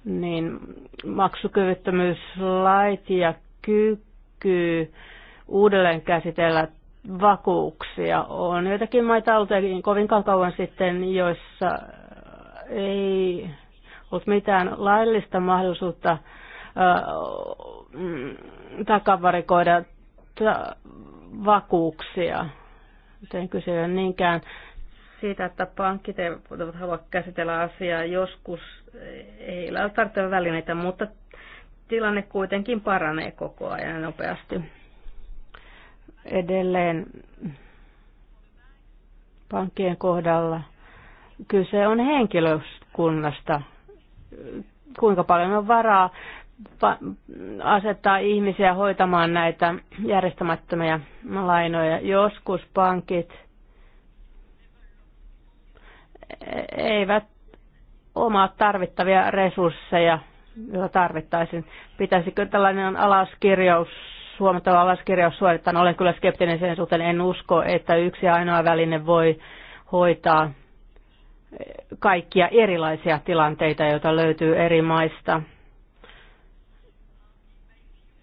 niin maksukyvyttömyyslait ja kyky uudelleen käsitellä vakuuksia. On joitakin maita oltiin kovin kauan sitten, joissa ei ollut mitään laillista mahdollisuutta mm, takavarikoida vakuuksia. En kyse ole niinkään siitä, että pankit eivät halua käsitellä asiaa. Joskus ei ole tarvittavia välineitä, mutta tilanne kuitenkin paranee koko ajan nopeasti edelleen pankkien kohdalla kyse on henkilökunnasta. Kuinka paljon on varaa asettaa ihmisiä hoitamaan näitä järjestämättömiä lainoja. Joskus pankit eivät omaa tarvittavia resursseja, joita tarvittaisiin. Pitäisikö tällainen alaskirjaus huomattava alaskirjaus suorittaa. Olen kyllä skeptinen sen suhteen. En usko, että yksi ainoa väline voi hoitaa eh, kaikkia erilaisia tilanteita, joita löytyy eri maista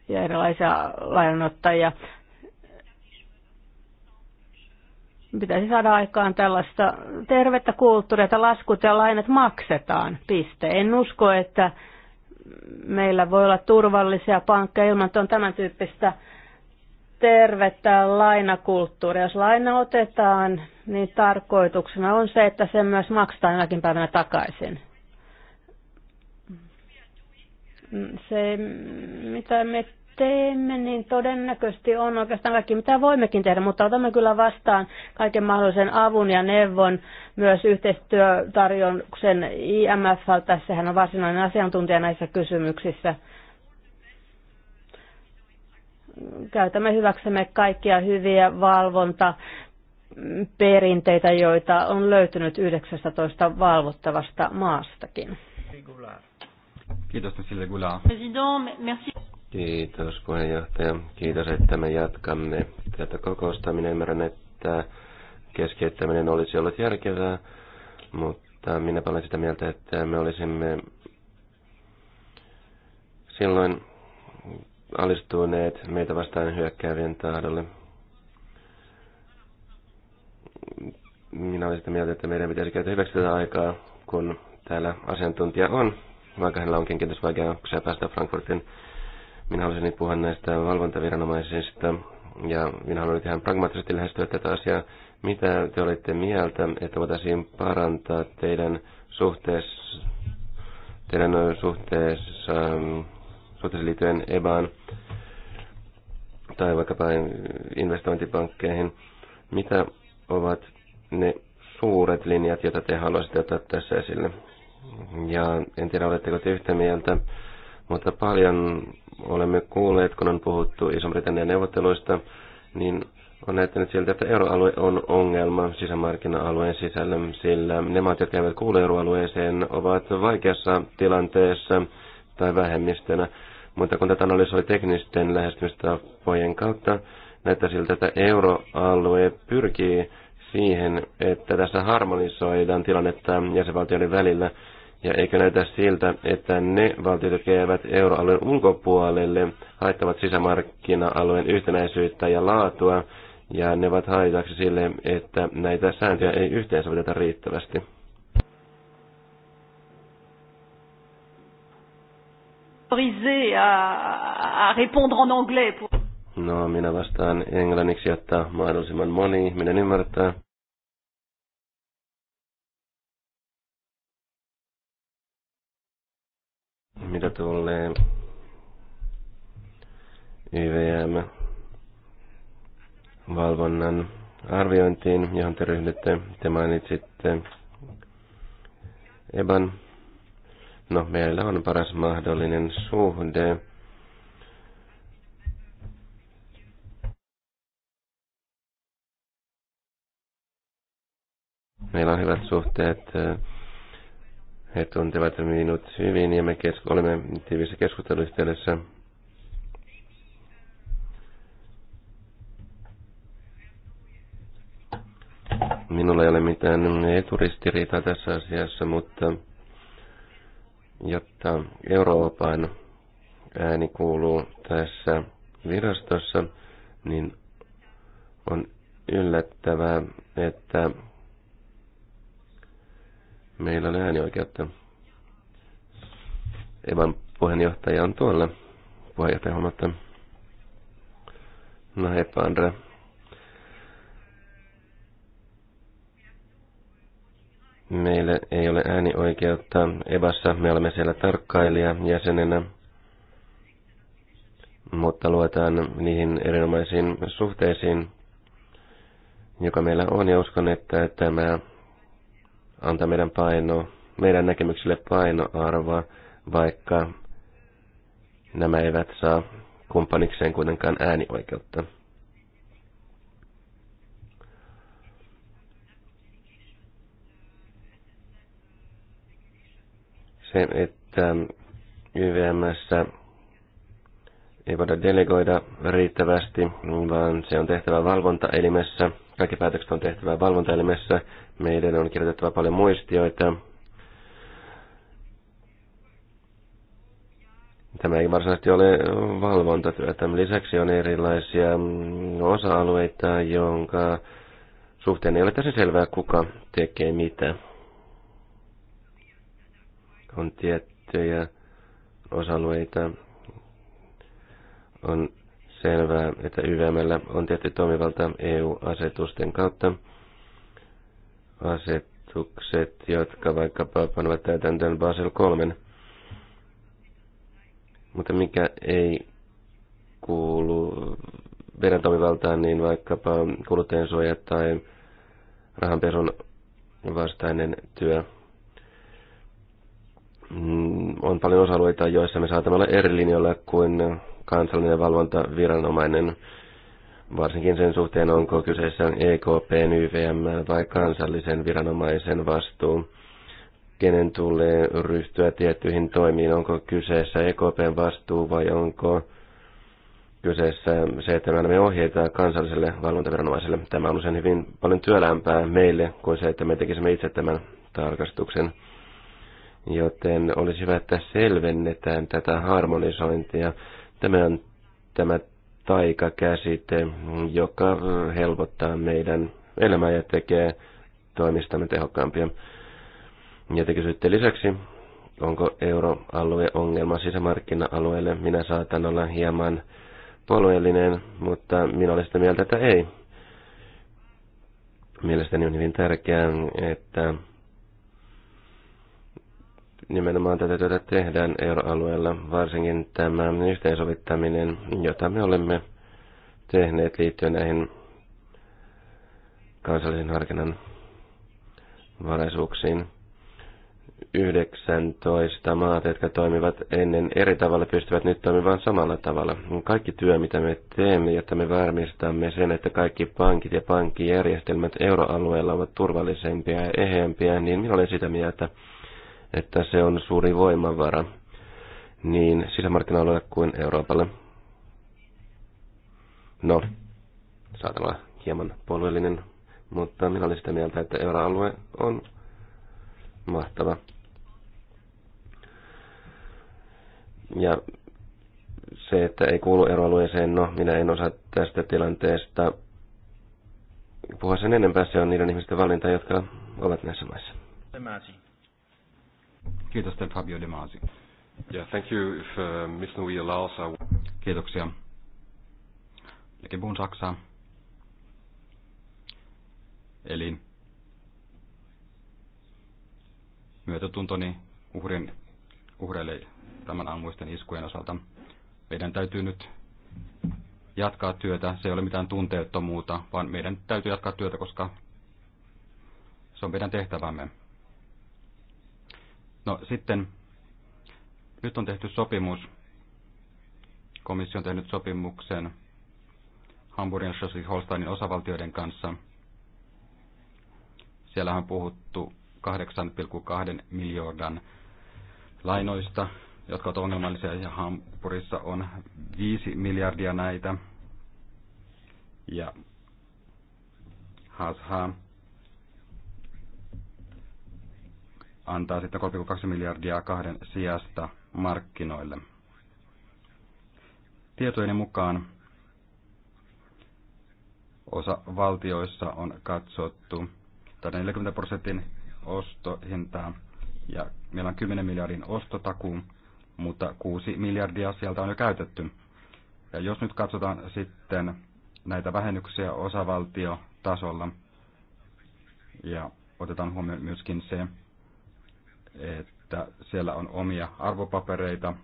ja erilaisia lainanottajia. Pitäisi saada aikaan tällaista tervettä kulttuuria, että laskut ja lainat maksetaan, piste. En usko, että meillä voi olla turvallisia pankkeja ilman, että on tämän tyyppistä tervettä lainakulttuuria. Jos laina otetaan, niin tarkoituksena on se, että se myös maksetaan jonakin päivänä takaisin. Se, mitä me teemme, niin todennäköisesti on oikeastaan kaikki, mitä voimmekin tehdä, mutta otamme kyllä vastaan kaiken mahdollisen avun ja neuvon, myös yhteistyötarjouksen IMFltä. tässähän on varsinainen asiantuntija näissä kysymyksissä. Käytämme hyväksemme kaikkia hyviä valvonta perinteitä, joita on löytynyt 19 valvottavasta maastakin. Kiitos sille Goulard. Kiitos puheenjohtaja. Kiitos, että me jatkamme tätä kokousta. Minä ymmärrän, että keskeyttäminen olisi ollut järkevää, mutta minä olen sitä mieltä, että me olisimme silloin alistuneet meitä vastaan hyökkäävien tahdolle. Minä olen sitä mieltä, että meidän pitäisi käyttää hyväksi tätä aikaa, kun täällä asiantuntija on, vaikka hänellä onkin kenties vaikeuksia päästä Frankfurtin minä haluaisin nyt puhua näistä valvontaviranomaisista ja minä haluan nyt ihan pragmaattisesti lähestyä tätä asiaa. Mitä te olette mieltä, että voitaisiin parantaa teidän suhteessa, teidän suhteessa, ähm, suhteessa liittyen EBAan tai vaikkapa investointipankkeihin? Mitä ovat ne suuret linjat, joita te haluaisitte ottaa tässä esille? Ja en tiedä, oletteko te yhtä mieltä, mutta paljon olemme kuulleet, kun on puhuttu Iso-Britannian neuvotteluista, niin on näyttänyt siltä, että euroalue on ongelma sisämarkkina-alueen sisällä, sillä ne maat, jotka eivät kuulu euroalueeseen, ovat vaikeassa tilanteessa tai vähemmistönä. Mutta kun tätä analysoi teknisten lähestymistapojen kautta, näyttää siltä, että euroalue pyrkii siihen, että tässä harmonisoidaan tilannetta jäsenvaltioiden välillä – ja eikö näytä siltä, että ne valtiot, jotka jäävät euroalueen ulkopuolelle, haittavat sisämarkkina-alueen yhtenäisyyttä ja laatua, ja ne ovat haitaksi sille, että näitä sääntöjä ei yhteensoviteta riittävästi. No, minä vastaan englanniksi, jotta mahdollisimman moni ihminen ymmärtää. mitä tulee YVM valvonnan arviointiin, johon te ryhdytte. Te mainitsitte EBAN. No, meillä on paras mahdollinen suhde. Meillä on hyvät suhteet he tuntevat minut hyvin ja me kesk- olemme tiivissä keskusteluyhteydessä. Minulla ei ole mitään eturistiriitaa tässä asiassa, mutta jotta Euroopan ääni kuuluu tässä virastossa, niin on yllättävää, että Meillä on äänioikeutta. Evan puheenjohtaja on tuolla. Puheenjohtaja huomatta. No heippa Andre. Meillä ei ole äänioikeutta. Evassa me olemme siellä tarkkailija jäsenenä, mutta luetaan niihin erinomaisiin suhteisiin, joka meillä on, ja uskon, että tämä antaa meidän paino, meidän näkemyksille painoarvoa, vaikka nämä eivät saa kumppanikseen kuitenkaan äänioikeutta. Se, että YVMssä ei voida delegoida riittävästi, vaan se on tehtävä valvontaelimessä. Kaikki päätökset on tehtävä valvontaelimessä, meidän on kirjoitettava paljon muistioita. Tämä ei varsinaisesti ole valvontatyötä. Lisäksi on erilaisia osa-alueita, jonka suhteen ei ole tässä selvää, kuka tekee mitä. On tiettyjä osa-alueita. On selvää, että YVMllä on tietty toimivalta EU-asetusten kautta asetukset, jotka vaikkapa panovat täytäntöön Basel 3. Mutta mikä ei kuulu meidän toimivaltaan, niin vaikkapa kuluttajansuoja tai rahanpesun vastainen työ. Mm, on paljon osa-alueita, joissa me saatamme olla eri linjoilla kuin kansallinen valvontaviranomainen varsinkin sen suhteen, onko kyseessä EKP, YVM vai kansallisen viranomaisen vastuu. Kenen tulee ryhtyä tiettyihin toimiin, onko kyseessä EKPn vastuu vai onko kyseessä se, että me annamme ohjeita kansalliselle valvontaviranomaiselle. Tämä on usein hyvin paljon työlämpää meille kuin se, että me tekisimme itse tämän tarkastuksen. Joten olisi hyvä, että selvennetään tätä harmonisointia. Tämä tämä taikakäsite, joka helpottaa meidän elämää ja tekee toimistamme tehokkaampia. Ja te kysytte lisäksi, onko euroalue ongelma sisämarkkina-alueelle. Minä saatan olla hieman puolueellinen, mutta minä olen sitä mieltä, että ei. Mielestäni on hyvin tärkeää, että nimenomaan tätä työtä tehdään euroalueella, varsinkin tämä yhteensovittaminen, jota me olemme tehneet liittyen näihin kansallisen harkinnan varaisuuksiin. 19 maata, jotka toimivat ennen eri tavalla, pystyvät nyt toimimaan samalla tavalla. Kaikki työ, mitä me teemme, jotta me varmistamme sen, että kaikki pankit ja pankkijärjestelmät euroalueella ovat turvallisempia ja eheämpiä, niin minä olen sitä mieltä, että että se on suuri voimavara niin sisämarkkinoille kuin Euroopalle. No, saatan olla hieman puolueellinen, mutta minä olen sitä mieltä, että euroalue on mahtava. Ja se, että ei kuulu euroalueeseen, no minä en osaa tästä tilanteesta puhua sen enempää, se on niiden ihmisten valinta, jotka ovat näissä maissa. siitä. Kiitos teille Fabio De Masi. Yeah, thank you. If uh, Miss Nui allows, I... Kiitoksia. Eli puhun Saksaa. Eli myötätuntoni uhrin, uhreille tämän aamuisten iskujen osalta. Meidän täytyy nyt jatkaa työtä. Se ei ole mitään tunteettomuutta, vaan meidän täytyy jatkaa työtä, koska se on meidän tehtävämme. No sitten, nyt on tehty sopimus. Komissio on tehnyt sopimuksen Hamburgin ja holsteinin osavaltioiden kanssa. Siellä on puhuttu 8,2 miljardan lainoista, jotka ovat ongelmallisia, ja Hampurissa on 5 miljardia näitä. Ja Hasha antaa sitten 3,2 miljardia kahden sijasta markkinoille. Tietojeni mukaan osa valtioissa on katsottu 40 prosentin ostohintaa ja meillä on 10 miljardin ostotaku, mutta 6 miljardia sieltä on jo käytetty. Ja jos nyt katsotaan sitten näitä vähennyksiä osavaltiotasolla ja otetaan huomioon myöskin se, että siellä on omia arvopapereita,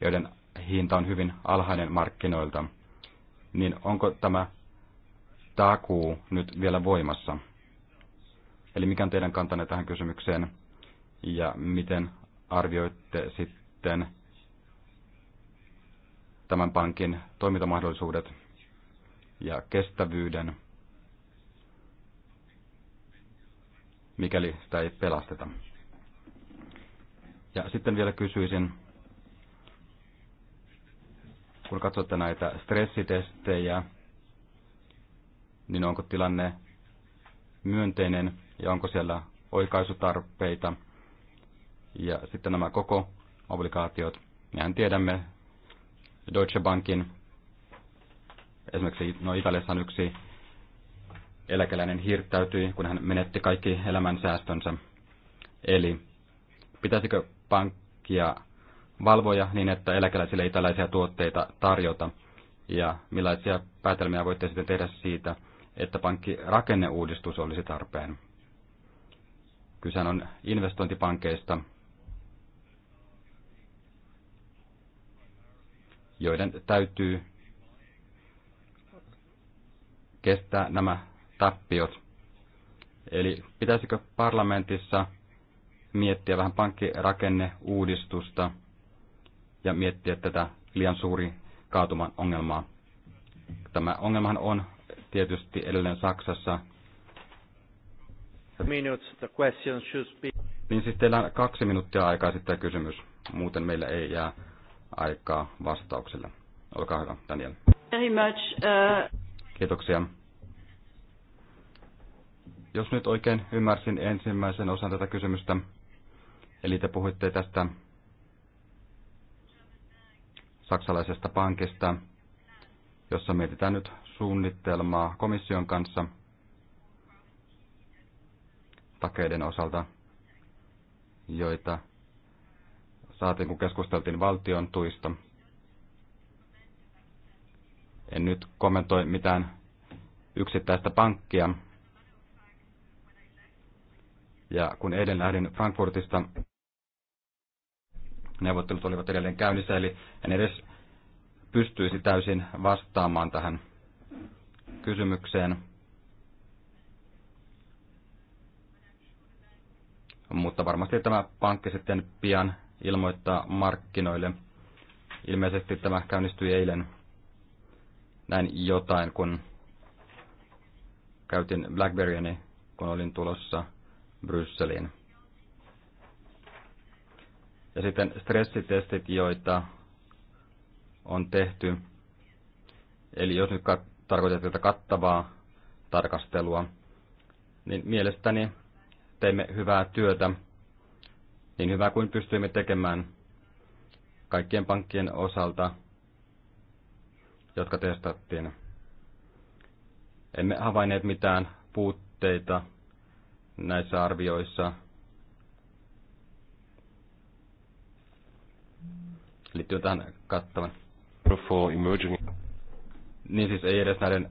joiden hinta on hyvin alhainen markkinoilta, niin onko tämä takuu nyt vielä voimassa? Eli mikä on teidän kantanne tähän kysymykseen ja miten arvioitte sitten tämän pankin toimintamahdollisuudet ja kestävyyden mikäli sitä ei pelasteta. Ja sitten vielä kysyisin, kun katsotte näitä stressitestejä, niin onko tilanne myönteinen ja onko siellä oikaisutarpeita. Ja sitten nämä koko obligaatiot, mehän tiedämme Deutsche Bankin, esimerkiksi no Italiassa on yksi eläkeläinen hirttäytyi, kun hän menetti kaikki säästönsä, Eli pitäisikö pankkia valvoja niin, että eläkeläisille ei tällaisia tuotteita tarjota? Ja millaisia päätelmiä voitte sitten tehdä siitä, että pankkirakenneuudistus olisi tarpeen? Kyse on investointipankeista, joiden täytyy kestää nämä tappiot. Eli pitäisikö parlamentissa miettiä vähän pankkirakenneuudistusta ja miettiä tätä liian suuri kaatuman ongelmaa. Tämä ongelmahan on tietysti edelleen Saksassa. Minutes, the question should be... Niin siis teillä on kaksi minuuttia aikaa sitten kysymys. Muuten meillä ei jää aikaa vastauksille. Olkaa hyvä, Daniel. Very much, uh... Kiitoksia. Jos nyt oikein ymmärsin ensimmäisen osan tätä kysymystä, eli te puhuitte tästä saksalaisesta pankista, jossa mietitään nyt suunnitelmaa komission kanssa takeiden osalta, joita saatiin, kun keskusteltiin valtion tuista. En nyt kommentoi mitään yksittäistä pankkia, ja kun eilen lähdin Frankfurtista, neuvottelut olivat edelleen käynnissä, eli en edes pystyisi täysin vastaamaan tähän kysymykseen. Mutta varmasti tämä pankki sitten pian ilmoittaa markkinoille. Ilmeisesti tämä käynnistyi eilen näin jotain, kun käytin Blackberryni, kun olin tulossa Brysseliin. Ja sitten stressitestit, joita on tehty. Eli jos nyt kat- tarkoitetaan tätä kattavaa tarkastelua, niin mielestäni teimme hyvää työtä, niin hyvää kuin pystyimme tekemään kaikkien pankkien osalta, jotka testattiin. Emme havainneet mitään puutteita näissä arvioissa liittyy tähän kattavan. emerging. Niin siis ei edes näiden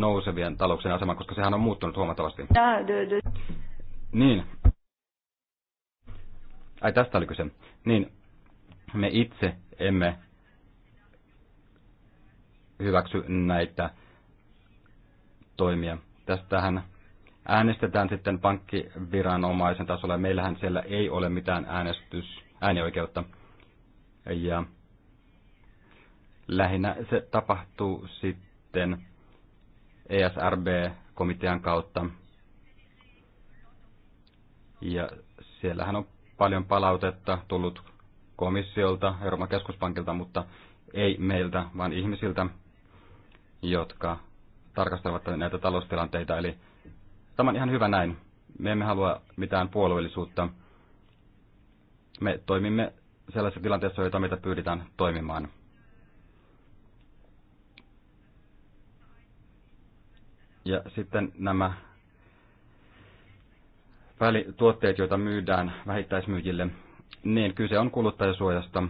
nousevien talouksien asema, koska sehän on muuttunut huomattavasti. Niin. Ai tästä oli kyse. Niin, me itse emme hyväksy näitä toimia. Tästähän äänestetään sitten pankkiviranomaisen tasolla. Meillähän siellä ei ole mitään äänestys, äänioikeutta. Ja lähinnä se tapahtuu sitten ESRB-komitean kautta. Ja siellähän on paljon palautetta tullut komissiolta, Euroopan keskuspankilta, mutta ei meiltä, vaan ihmisiltä, jotka tarkastelevat näitä taloustilanteita. Eli Tämä on ihan hyvä näin. Me emme halua mitään puolueellisuutta. Me toimimme sellaisessa tilanteessa, jota meitä pyydetään toimimaan. Ja sitten nämä välituotteet, joita myydään vähittäismyyjille, niin kyse on kuluttajasuojasta.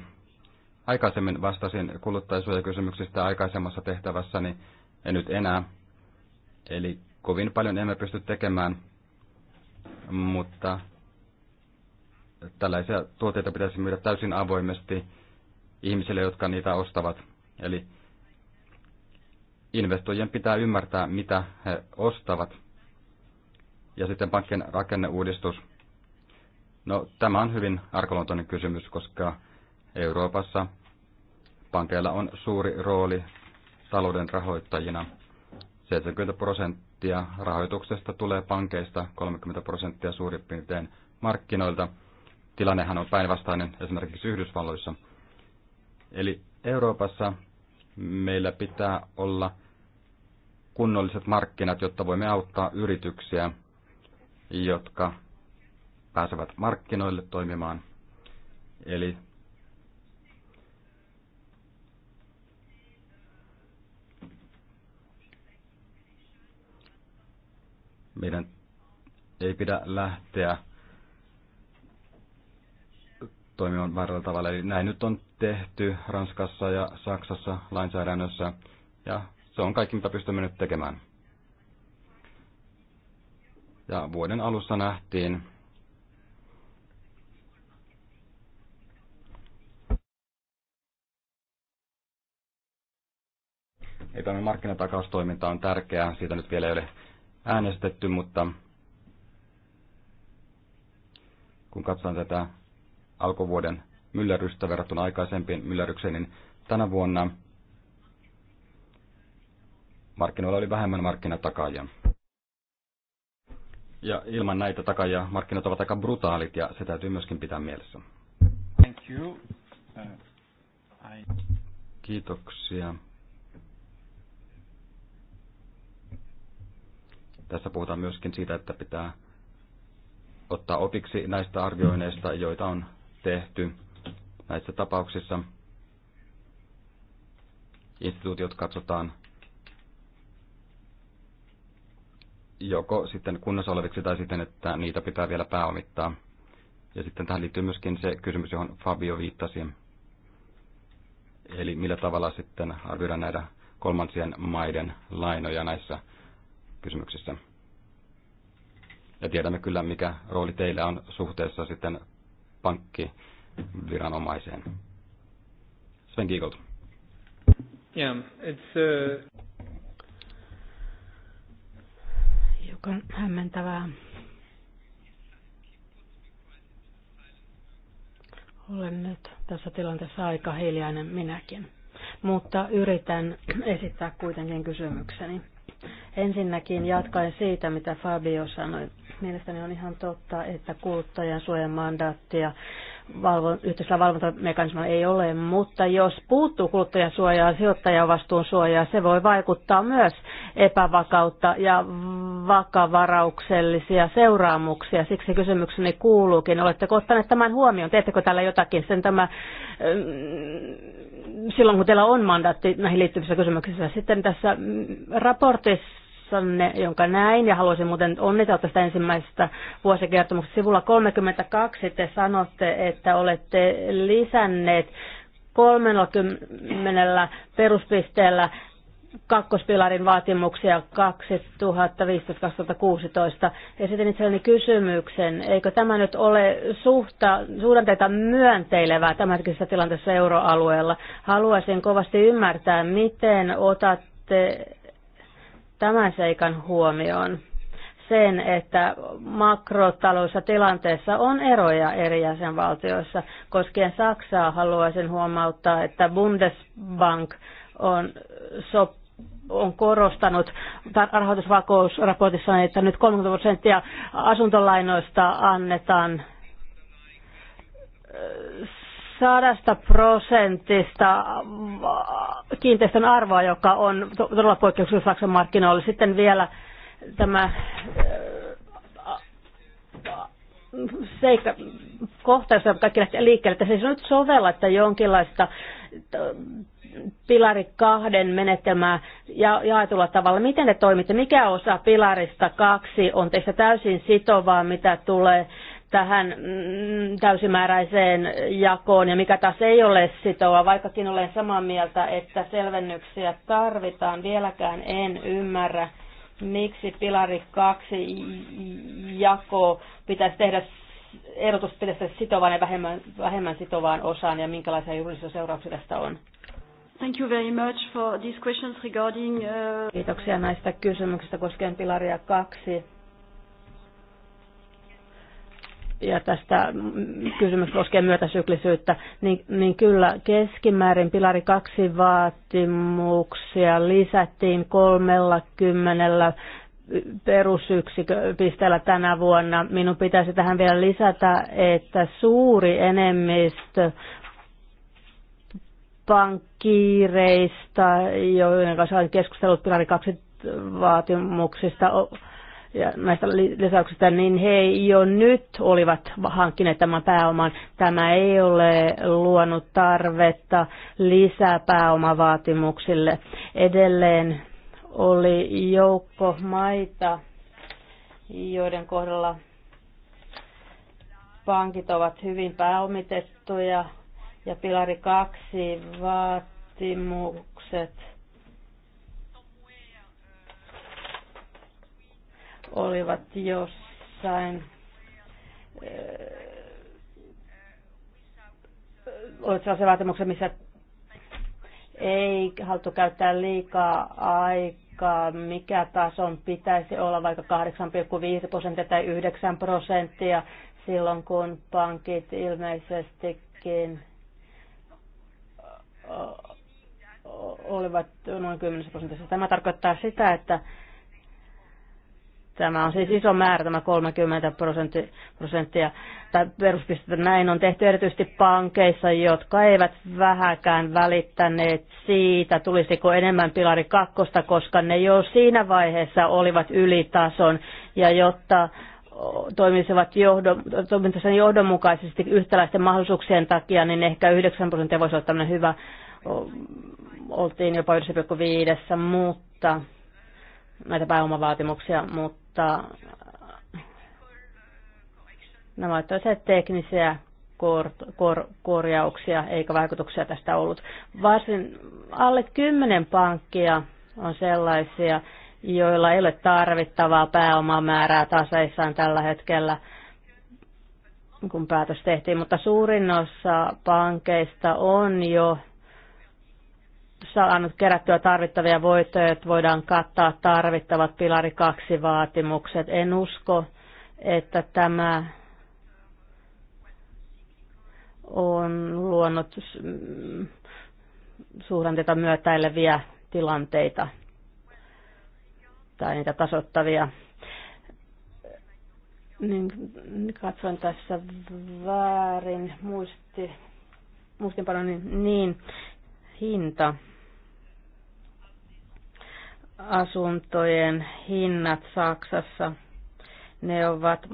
Aikaisemmin vastasin kuluttajasuojakysymyksistä aikaisemmassa tehtävässäni, en nyt enää. Eli Kovin paljon emme pysty tekemään, mutta tällaisia tuotteita pitäisi myydä täysin avoimesti ihmisille, jotka niitä ostavat. Eli investoijien pitää ymmärtää, mitä he ostavat. Ja sitten pankkien rakenneuudistus. No, tämä on hyvin arkaluontoinen kysymys, koska Euroopassa pankeilla on suuri rooli talouden rahoittajina. 70 prosenttia prosenttia rahoituksesta tulee pankeista, 30 prosenttia suurin piirtein markkinoilta. Tilannehan on päinvastainen esimerkiksi Yhdysvalloissa. Eli Euroopassa meillä pitää olla kunnolliset markkinat, jotta voimme auttaa yrityksiä, jotka pääsevät markkinoille toimimaan. Eli Meidän ei pidä lähteä toimimaan väärällä tavalla. Eli näin nyt on tehty Ranskassa ja Saksassa lainsäädännössä, ja se on kaikki, mitä pystymme nyt tekemään. Ja vuoden alussa nähtiin, Ei tämä markkinatakaustoiminta on tärkeää, siitä nyt vielä ei ole äänestetty, mutta kun katsotaan tätä alkuvuoden myllerrystä verrattuna aikaisempiin myllerrykseen, niin tänä vuonna markkinoilla oli vähemmän markkinatakaajia. Ja ilman näitä takaajia markkinat ovat aika brutaalit ja se täytyy myöskin pitää mielessä. Thank you. Uh, I... Kiitoksia. Tässä puhutaan myöskin siitä, että pitää ottaa opiksi näistä arvioineista, joita on tehty näissä tapauksissa. Instituutiot katsotaan joko sitten kunnossa oleviksi tai sitten, että niitä pitää vielä pääomittaa. Ja sitten tähän liittyy myöskin se kysymys, johon Fabio viittasi. Eli millä tavalla sitten arvioidaan näitä kolmansien maiden lainoja näissä kysymyksissä. Ja tiedämme kyllä, mikä rooli teillä on suhteessa sitten pankkiviranomaiseen. Sven Giegold. Yeah, it's, uh... Hiukan hämmentävää. Olen nyt tässä tilanteessa aika hiljainen minäkin, mutta yritän esittää kuitenkin kysymykseni. Ensinnäkin jatkaen siitä, mitä Fabio sanoi. Mielestäni on ihan totta, että kuluttajan suojan mandaattia valvon, yhteisellä valvontamekanismilla ei ole, mutta jos puuttuu suojaa, sijoittajan vastuun suojaa, se voi vaikuttaa myös epävakautta ja vakavarauksellisia seuraamuksia. Siksi kysymykseni kuuluukin, oletteko ottaneet tämän huomioon, teettekö täällä jotakin sen tämä, mm, silloin kun teillä on mandaatti näihin liittyvissä kysymyksissä. Sitten tässä mm, raportissa kirjassanne, jonka näin, ja haluaisin muuten onnitella tästä ensimmäisestä vuosikertomuksesta. Sivulla 32 te sanotte, että olette lisänneet 30 peruspisteellä kakkospilarin vaatimuksia 2015-2016. Esitin itselleni kysymyksen, eikö tämä nyt ole suhta, suhdanteita myönteilevää tämänhetkisessä tilanteessa euroalueella? Haluaisin kovasti ymmärtää, miten otatte tämän seikan huomioon sen, että makrotaloudessa tilanteessa on eroja eri jäsenvaltioissa. Koskien Saksaa haluaisin huomauttaa, että Bundesbank on sop on korostanut rahoitusvakausraportissaan, että nyt 30 prosenttia asuntolainoista annetaan sadasta prosentista äh, kiinteistön arvoa, joka on todella poikkeuksellinen Saksan markkinoilla. Sitten vielä tämä äh, seikka, kohta, jossa kaikki lähtee liikkeelle, että se siis nyt sovella, että jonkinlaista pilari kahden menetelmää ja, jaetulla tavalla. Miten ne toimitte? Mikä osa pilarista kaksi on teistä täysin sitovaa, mitä tulee tähän mm, täysimääräiseen jakoon ja mikä taas ei ole sitova, vaikkakin olen samaa mieltä, että selvennyksiä tarvitaan. Vieläkään en ymmärrä, miksi pilari 2 jako pitäisi tehdä ehdotus pitäisi sitovaan ja vähemmän, vähemmän sitovaan osaan ja minkälaisia juridisia seurauksia tästä on. Thank you very much for these questions regarding... Uh... Kiitoksia näistä kysymyksistä koskien pilaria kaksi ja tästä kysymys koskee myötäsyklisyyttä, niin, niin kyllä keskimäärin pilari kaksi vaatimuksia lisättiin 30 perusyksiköpisteellä tänä vuonna. Minun pitäisi tähän vielä lisätä, että suuri enemmistö pankkiireista, joiden kanssa olen keskustellut pilari kaksi vaatimuksista, ja näistä lisäyksistä, niin he jo nyt olivat hankkineet tämän pääoman. Tämä ei ole luonut tarvetta lisäpääomavaatimuksille. Edelleen oli joukko maita, joiden kohdalla pankit ovat hyvin pääomitettuja ja pilari kaksi vaatimukset – olivat jossain äh, olivat sellaisia vaatimuksia, missä ei haluttu käyttää liikaa aikaa, mikä tason pitäisi olla vaikka 8,5 prosenttia tai 9 prosenttia silloin, kun pankit ilmeisestikin äh, olivat noin 10 prosentissa. Tämä tarkoittaa sitä, että Tämä on siis iso määrä, tämä 30 prosenttia tai peruspistettä. Näin on tehty erityisesti pankeissa, jotka eivät vähäkään välittäneet siitä, tulisiko enemmän pilari kakkosta, koska ne jo siinä vaiheessa olivat ylitason. Ja jotta toimisivat johdon, toimintansa johdonmukaisesti yhtäläisten mahdollisuuksien takia, niin ehkä 9 prosenttia voisi olla tämmöinen hyvä, oltiin jopa 1,5, mutta näitä pääomavaatimuksia, mutta nämä ovat tällaisia teknisiä kor, kor, korjauksia eikä vaikutuksia tästä ollut. Varsin alle kymmenen pankkia on sellaisia, joilla ei ole tarvittavaa pääomamäärää taseissaan tällä hetkellä, kun päätös tehtiin, mutta suurin osa pankeista on jo saanut kerättyä tarvittavia voittoja, että voidaan kattaa tarvittavat pilari kaksi vaatimukset. En usko, että tämä on luonut suhdanteita myötäileviä tilanteita tai niitä tasoittavia. Niin, katsoin tässä väärin muisti, muistinpano, niin, niin hinta asuntojen hinnat Saksassa ne ovat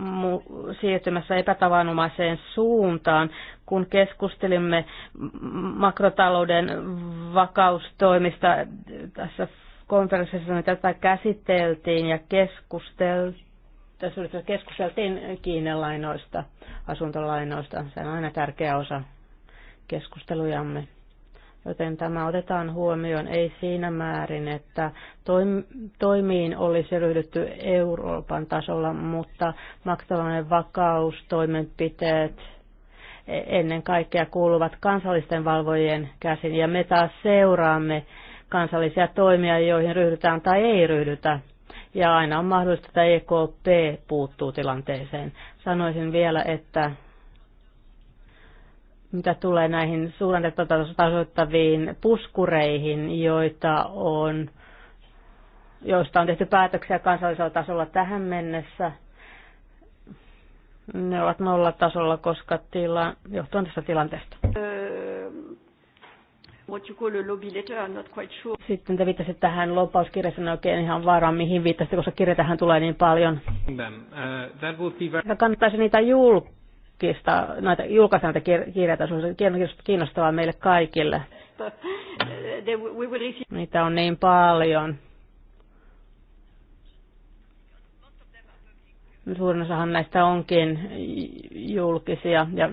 siirtymässä epätavanomaiseen suuntaan. Kun keskustelimme makrotalouden vakaustoimista tässä konferenssissa, niin tätä käsiteltiin ja keskusteltiin. Tässä keskusteltiin kiinelainoista, asuntolainoista. Se on aina tärkeä osa keskustelujamme joten tämä otetaan huomioon ei siinä määrin, että toimiin olisi ryhdytty Euroopan tasolla, mutta maksavan vakaustoimenpiteet e-, ennen kaikkea kuuluvat kansallisten valvojien käsin, ja me taas seuraamme kansallisia toimia, joihin ryhdytään tai ei ryhdytä. Ja aina on mahdollista, että EKP puuttuu tilanteeseen. Sanoisin vielä, että mitä tulee näihin suhdannetasoittaviin puskureihin, joita on, joista on tehty päätöksiä kansallisella tasolla tähän mennessä. Ne ovat nolla tasolla, koska tila, johtuen tästä tilanteesta. Uh, Sitten te viittasitte tähän lopauskirjassa, en oikein ihan varmaan mihin viittasitte, koska kirjatähän tulee niin paljon. Uh, Them. Kannattaisi niitä julkaista julkista, näitä, julkaista näitä kirjoja, se on kiinnostavaa meille kaikille. Niitä on niin paljon. Suurin osahan näistä onkin julkisia ja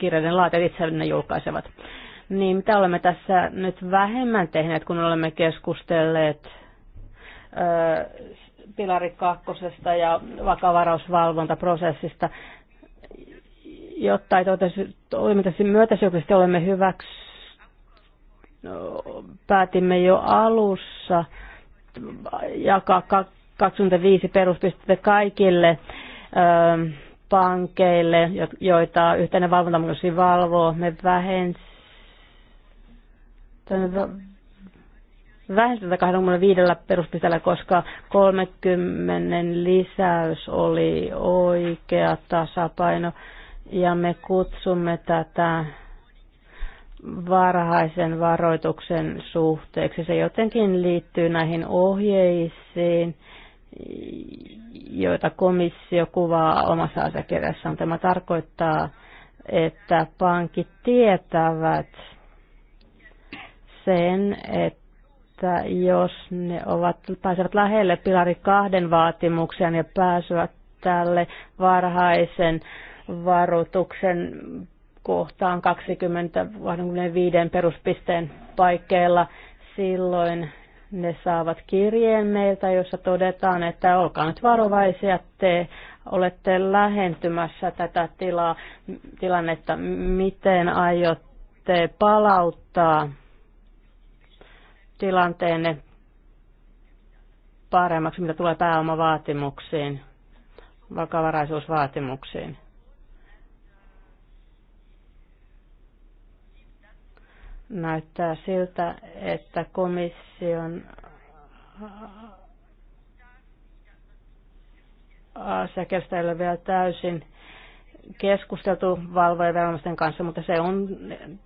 kirjojen laatijat itse ne julkaisevat. Niin mitä olemme tässä nyt vähemmän tehneet, kun olemme keskustelleet ö, pilari kakkosesta ja vakavarausvalvontaprosessista jotta ei toimintasi myötäsyökyisesti olemme hyväksi, no, päätimme jo alussa jakaa 25 peruspistettä kaikille ö, pankeille, joita yhteinen valvontamuksi valvoo. Me vähensimme vähensimme 25 peruspisteellä, koska 30 lisäys oli oikea tasapaino ja me kutsumme tätä varhaisen varoituksen suhteeksi. Se jotenkin liittyy näihin ohjeisiin, joita komissio kuvaa omassa asiakirjassaan. Tämä tarkoittaa, että pankit tietävät sen, että jos ne ovat, pääsevät lähelle pilari kahden vaatimuksen ja pääsevät tälle varhaisen varoituksen kohtaan 25 peruspisteen paikkeilla. Silloin ne saavat kirjeen meiltä, jossa todetaan, että olkaa nyt varovaisia, te olette lähentymässä tätä tilaa, tilannetta, miten aiotte palauttaa tilanteenne paremmaksi, mitä tulee pääomavaatimuksiin, vakavaraisuusvaatimuksiin. Näyttää siltä, että komission asiakirjasta ei ole vielä täysin keskusteltu valvojen kanssa, mutta se on,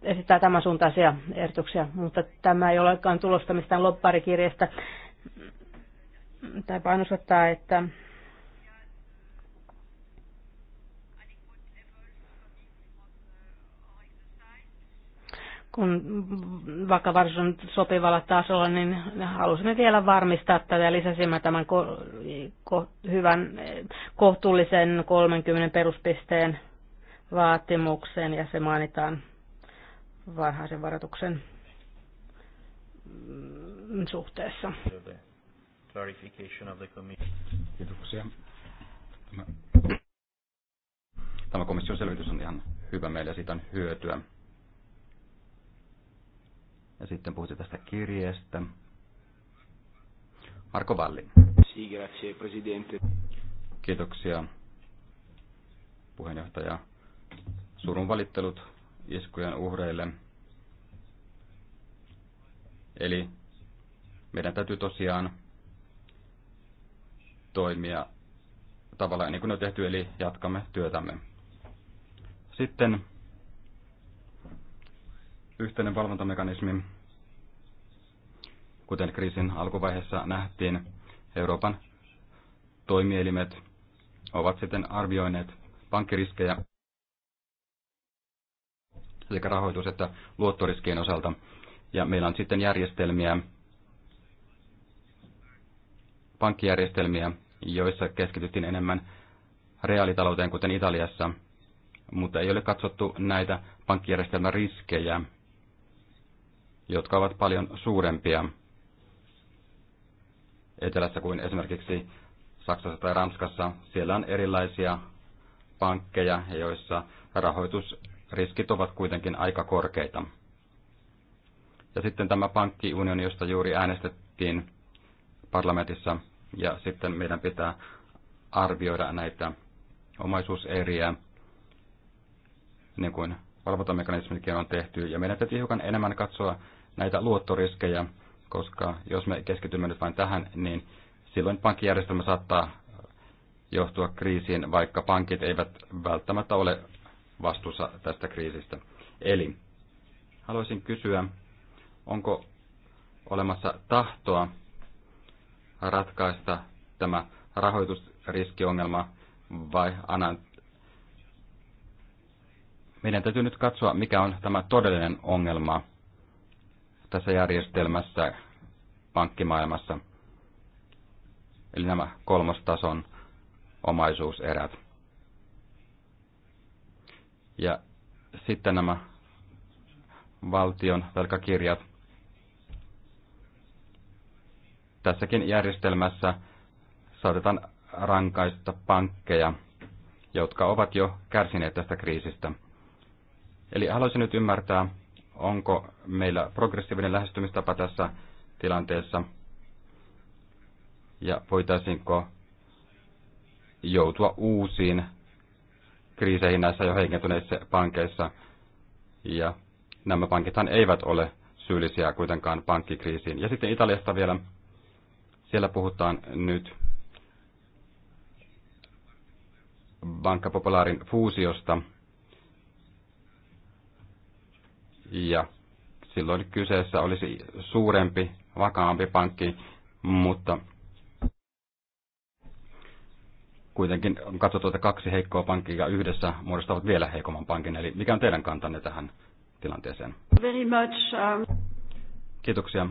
esittää tämän suuntaisia ehdotuksia, mutta tämä ei olekaan tulosta mistään lopparikirjasta. Tai painostetaan, että kun vaikka on sopivalla tasolla, niin halusimme vielä varmistaa tätä ja lisäsimme tämän ko- ko- hyvän kohtuullisen 30 peruspisteen vaatimuksen ja se mainitaan varhaisen varoituksen suhteessa. Kiitoksia. Tämä komission selvitys on ihan hyvä meille ja siitä on hyötyä. Ja sitten puhutte tästä kirjeestä. Marko Valli. Sì, grazie, presidente. Kiitoksia, puheenjohtaja. Surun valittelut iskujen uhreille. Eli meidän täytyy tosiaan toimia tavallaan niin kuin on tehty, eli jatkamme työtämme. Sitten yhteinen valvontamekanismi, kuten kriisin alkuvaiheessa nähtiin, Euroopan toimielimet ovat sitten arvioineet pankkiriskejä sekä rahoitus- että luottoriskien osalta. Ja meillä on sitten järjestelmiä, pankkijärjestelmiä, joissa keskityttiin enemmän reaalitalouteen, kuten Italiassa, mutta ei ole katsottu näitä pankkijärjestelmän riskejä, jotka ovat paljon suurempia etelässä kuin esimerkiksi Saksassa tai Ranskassa. Siellä on erilaisia pankkeja, joissa rahoitusriskit ovat kuitenkin aika korkeita. Ja sitten tämä pankkiunioni, josta juuri äänestettiin parlamentissa, ja sitten meidän pitää arvioida näitä omaisuuseriä, niin kuin valvontamekanismikin on tehty, ja meidän täytyy hiukan enemmän katsoa näitä luottoriskejä, koska jos me keskitymme nyt vain tähän, niin silloin pankkijärjestelmä saattaa johtua kriisiin, vaikka pankit eivät välttämättä ole vastuussa tästä kriisistä. Eli haluaisin kysyä, onko olemassa tahtoa ratkaista tämä rahoitusriskiongelma vai anan... Meidän täytyy nyt katsoa, mikä on tämä todellinen ongelma tässä järjestelmässä pankkimaailmassa, eli nämä kolmostason omaisuuserät. Ja sitten nämä valtion velkakirjat. Tässäkin järjestelmässä saatetaan rankaista pankkeja, jotka ovat jo kärsineet tästä kriisistä. Eli haluaisin nyt ymmärtää, onko meillä progressiivinen lähestymistapa tässä tilanteessa ja voitaisiinko joutua uusiin kriiseihin näissä jo heikentyneissä pankeissa. Ja nämä pankithan eivät ole syyllisiä kuitenkaan pankkikriisiin. Ja sitten Italiasta vielä. Siellä puhutaan nyt Banca Popularin fuusiosta – ja silloin kyseessä olisi suurempi, vakaampi pankki, mutta kuitenkin on katsottu, että kaksi heikkoa pankkia yhdessä muodostavat vielä heikomman pankin. Eli mikä on teidän kantanne tähän tilanteeseen? Very much, um... Kiitoksia.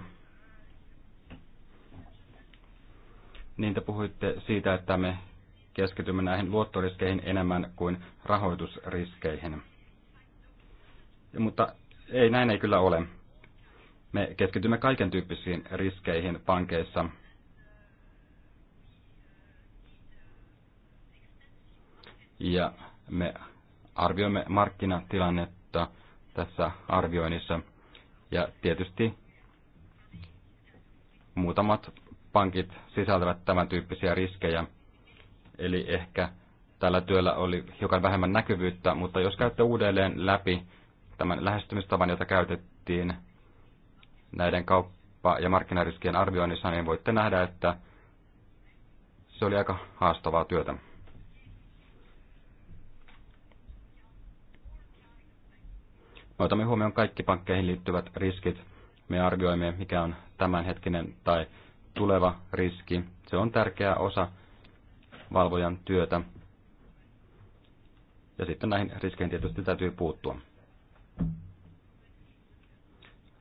Niin te puhuitte siitä, että me keskitymme näihin luottoriskeihin enemmän kuin rahoitusriskeihin. Mutta ei, näin ei kyllä ole. Me keskitymme kaiken tyyppisiin riskeihin pankeissa. Ja me arvioimme markkinatilannetta tässä arvioinnissa. Ja tietysti muutamat pankit sisältävät tämän tyyppisiä riskejä. Eli ehkä tällä työllä oli hiukan vähemmän näkyvyyttä, mutta jos käytte uudelleen läpi tämän lähestymistavan, jota käytettiin näiden kauppa- ja markkinariskien arvioinnissa, niin voitte nähdä, että se oli aika haastavaa työtä. Me otamme huomioon kaikki pankkeihin liittyvät riskit. Me arvioimme, mikä on tämänhetkinen tai tuleva riski. Se on tärkeä osa valvojan työtä. Ja sitten näihin riskeihin tietysti täytyy puuttua.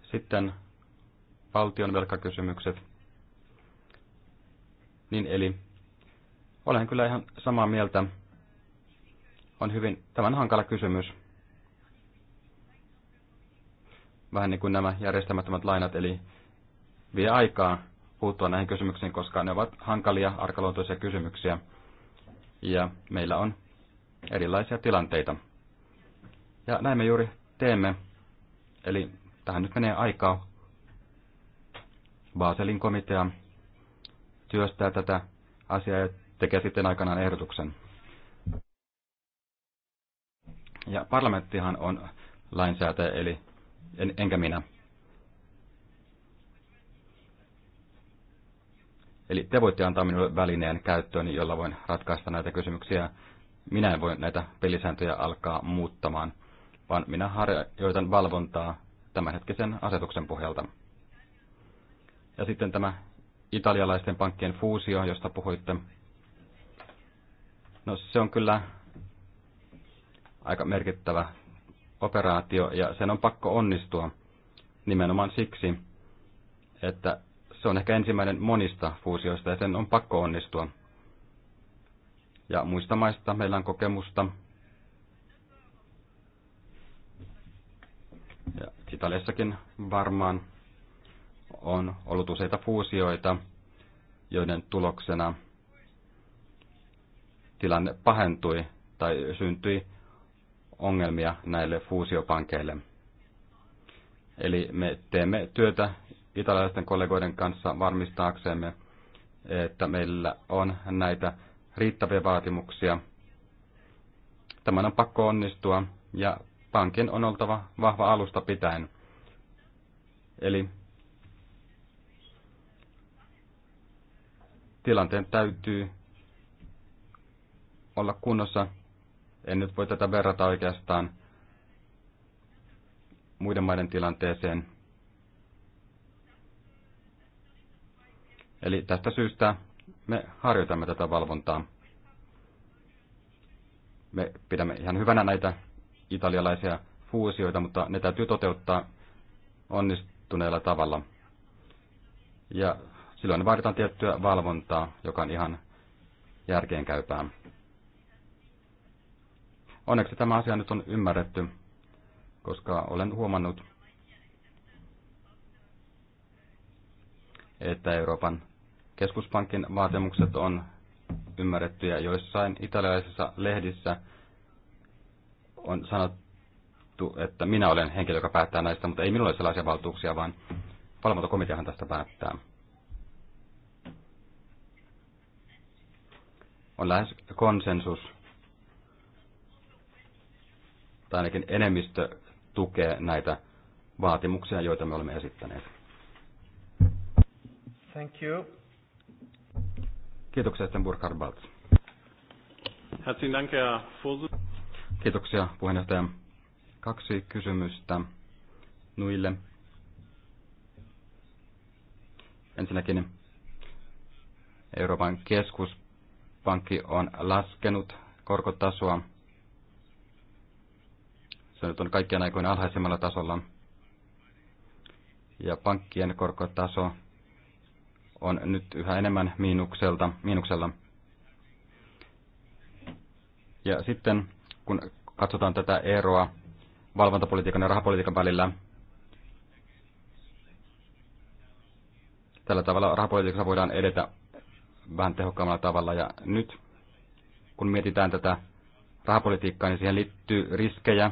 Sitten valtion velkakysymykset. Niin eli olen kyllä ihan samaa mieltä. On hyvin, tämän hankala kysymys. Vähän niin kuin nämä järjestämättömät lainat, eli vie aikaa puuttua näihin kysymyksiin, koska ne ovat hankalia, arkaluontoisia kysymyksiä. Ja meillä on erilaisia tilanteita. Ja näin me juuri teemme. Eli tähän nyt menee aikaa. Baselin komitea työstää tätä asiaa ja tekee sitten aikanaan ehdotuksen. Ja parlamenttihan on lainsäätäjä, eli en, enkä minä. Eli te voitte antaa minulle välineen käyttöön, jolla voin ratkaista näitä kysymyksiä. Minä en voi näitä pelisääntöjä alkaa muuttamaan vaan minä harjoitan valvontaa tämänhetkisen asetuksen pohjalta. Ja sitten tämä italialaisten pankkien fuusio, josta puhuitte. No se on kyllä aika merkittävä operaatio ja sen on pakko onnistua nimenomaan siksi, että se on ehkä ensimmäinen monista fuusioista ja sen on pakko onnistua. Ja muista maista meillä on kokemusta Ja Italiassakin varmaan on ollut useita fuusioita, joiden tuloksena tilanne pahentui tai syntyi ongelmia näille fuusiopankeille. Eli me teemme työtä italialaisten kollegoiden kanssa varmistaaksemme, että meillä on näitä riittäviä vaatimuksia. Tämän on pakko onnistua ja pankin on oltava vahva alusta pitäen. Eli tilanteen täytyy olla kunnossa. En nyt voi tätä verrata oikeastaan muiden maiden tilanteeseen. Eli tästä syystä me harjoitamme tätä valvontaa. Me pidämme ihan hyvänä näitä italialaisia fuusioita, mutta ne täytyy toteuttaa onnistuneella tavalla. Ja silloin vaaditaan tiettyä valvontaa, joka on ihan järkeenkäypää. Onneksi tämä asia nyt on ymmärretty, koska olen huomannut, että Euroopan keskuspankin vaatimukset on ymmärretty ja joissain italialaisissa lehdissä – on sanottu, että minä olen henkilö, joka päättää näistä, mutta ei minulla ole sellaisia valtuuksia, vaan valvontakomiteahan tästä päättää. On lähes konsensus, tai ainakin enemmistö tukee näitä vaatimuksia, joita me olemme esittäneet. Thank you. Kiitoksia Stenburg Harbalt. Herzlichen Dank, Herr Vorsitzender. Kiitoksia puheenjohtaja. Kaksi kysymystä Nuille. Ensinnäkin Euroopan keskuspankki on laskenut korkotasoa. Se nyt on kaikkien aikojen alhaisemmalla tasolla. Ja pankkien korkotaso on nyt yhä enemmän miinukselta, miinuksella. Ja sitten kun katsotaan tätä eroa valvontapolitiikan ja rahapolitiikan välillä. Tällä tavalla rahapolitiikassa voidaan edetä vähän tehokkaammalla tavalla. Ja nyt, kun mietitään tätä rahapolitiikkaa, niin siihen liittyy riskejä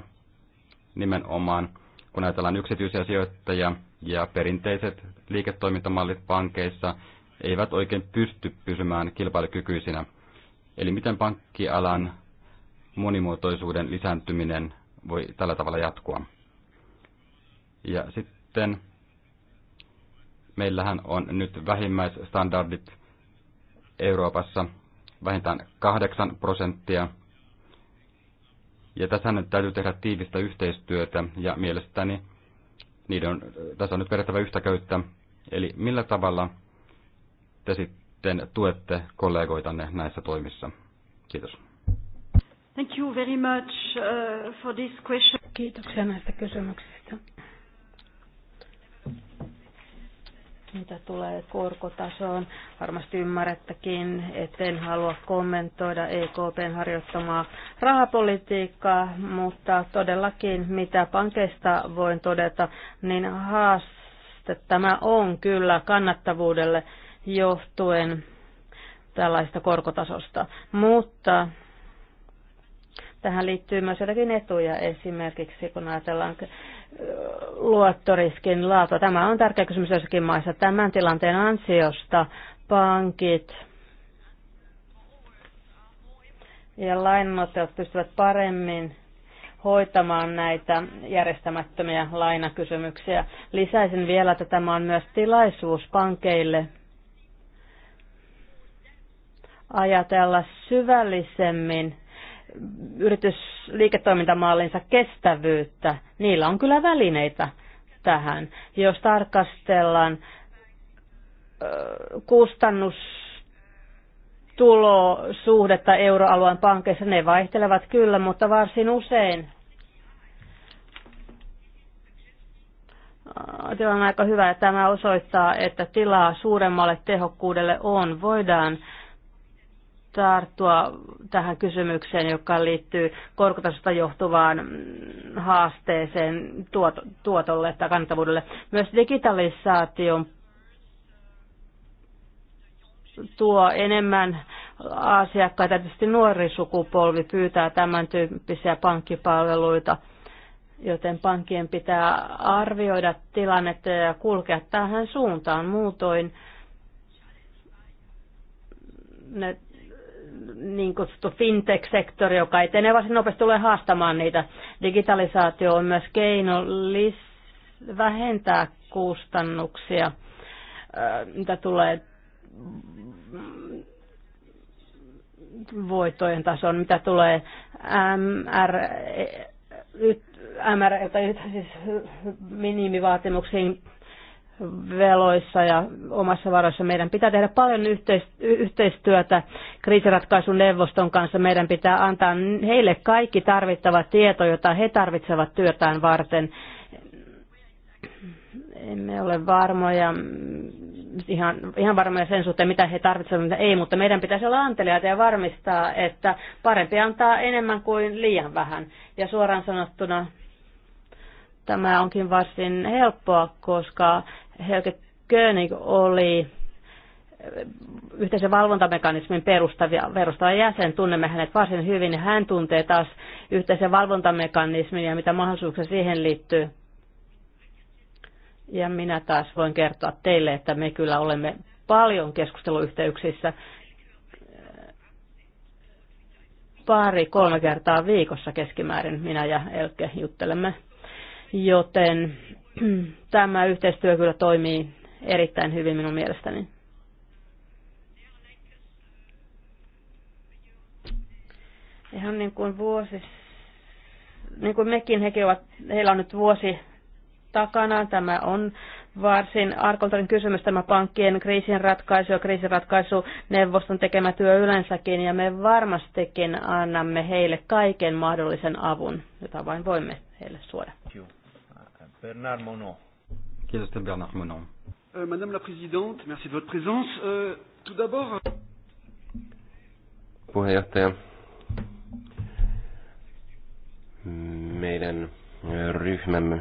nimenomaan, kun ajatellaan yksityisiä sijoittajia ja perinteiset liiketoimintamallit pankeissa eivät oikein pysty pysymään kilpailukykyisinä. Eli miten pankkialan monimuotoisuuden lisääntyminen voi tällä tavalla jatkua. Ja sitten meillähän on nyt vähimmäisstandardit Euroopassa vähintään 8 prosenttia. Ja tässä nyt täytyy tehdä tiivistä yhteistyötä ja mielestäni niiden on, tässä on nyt vedettävä yhtä köyttä. Eli millä tavalla te sitten tuette kollegoitanne näissä toimissa? Kiitos. Thank you very much uh, for this question. Kiitoksia näistä kysymyksistä. Mitä tulee korkotasoon, varmasti ymmärrättekin, etten halua kommentoida EKPn harjoittamaa rahapolitiikkaa, mutta todellakin mitä pankeista voin todeta, niin haaste tämä on kyllä kannattavuudelle johtuen tällaista korkotasosta. Mutta Tähän liittyy myös jotakin etuja esimerkiksi, kun ajatellaan äh, luottoriskin laatua. Tämä on tärkeä kysymys jossakin maissa. Tämän tilanteen ansiosta pankit ja lainanottajat pystyvät paremmin hoitamaan näitä järjestämättömiä lainakysymyksiä. Lisäisin vielä, että tämä on myös tilaisuus pankeille ajatella syvällisemmin yritysliiketoimintamallinsa kestävyyttä, niillä on kyllä välineitä tähän. Jos tarkastellaan kustannus tulosuhdetta euroalueen pankeissa, ne vaihtelevat kyllä, mutta varsin usein tilanne on aika hyvä ja tämä osoittaa, että tilaa suuremmalle tehokkuudelle on. Voidaan tarttua tähän kysymykseen, joka liittyy korkotasosta johtuvaan mm, haasteeseen tuotolle tai kannattavuudelle. Myös digitalisaation tuo enemmän asiakkaita. Tietysti nuori sukupolvi pyytää tämän tyyppisiä pankkipalveluita, joten pankkien pitää arvioida tilannetta ja kulkea tähän suuntaan. Muutoin ne niin kutsuttu fintech-sektori, joka etenee varsin nopeasti tulee haastamaan niitä. Digitalisaatio on myös keino lis- vähentää kustannuksia, mitä tulee voittojen tasoon, mitä tulee MR, MR, siis minimivaatimuksiin veloissa ja omassa varoissa. Meidän pitää tehdä paljon yhteistyötä kriisiratkaisun neuvoston kanssa. Meidän pitää antaa heille kaikki tarvittava tieto, jota he tarvitsevat työtään varten. Emme ole varmoja, ihan, ihan varmoja sen suhteen, mitä he tarvitsevat, mitä ei, mutta meidän pitäisi olla anteliaita ja varmistaa, että parempi antaa enemmän kuin liian vähän. Ja suoraan sanottuna tämä onkin varsin helppoa, koska Helge König oli eh, yhteisen valvontamekanismin perustavia, perustava jäsen, tunnemme hänet varsin hyvin ja hän tuntee taas yhteisen valvontamekanismin ja mitä mahdollisuuksia siihen liittyy. Ja minä taas voin kertoa teille, että me kyllä olemme paljon keskusteluyhteyksissä eh, pari-kolme kertaa viikossa keskimäärin minä ja Elke juttelemme. Joten <clears throat> Tämä yhteistyö kyllä toimii erittäin hyvin minun mielestäni. Ihan niin kuin vuosi, niin kuin mekin, hekin ovat, heillä on nyt vuosi takana. Tämä on varsin arkoltainen kysymys tämä pankkien kriisinratkaisu ja neuvoston tekemä työ yleensäkin, ja me varmastikin annamme heille kaiken mahdollisen avun, jota vain voimme heille suoda. Kiitos. Bernard Monod. est Bernard Monod. Euh, Madame la Présidente, merci de votre présence. Euh, Tout d'abord... Puheenjohtaja, meidän ryhmämme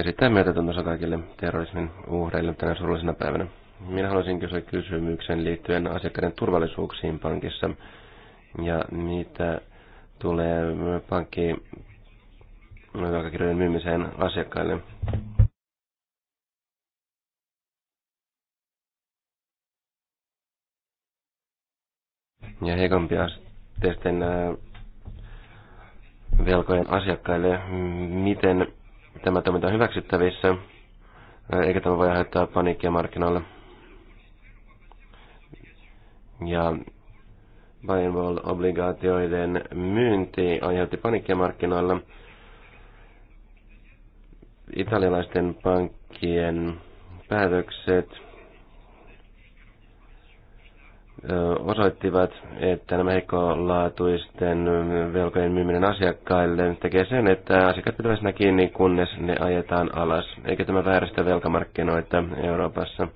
esittää myötätuntonsa kaikille terrorismin uhreille tänä surullisena päivänä. Minä haluaisin kysyä kysymyksen liittyen asiakkaiden turvallisuuksiin pankissa ja mitä tulee pankki velkakirjojen myymiseen asiakkaille. Ja heikompia testen äh, velkojen asiakkaille, miten tämä toiminta on hyväksyttävissä, äh, eikä tämä voi aiheuttaa paniikkia markkinoille. Ja and obligaatioiden myynti aiheutti paniikkia markkinoilla italialaisten pankkien päätökset osoittivat, että nämä heikkolaatuisten velkojen myyminen asiakkaille tekee sen, että asiakkaat pitävät sitä kiinni, kunnes ne ajetaan alas. Eikä tämä vääristä velkamarkkinoita Euroopassa?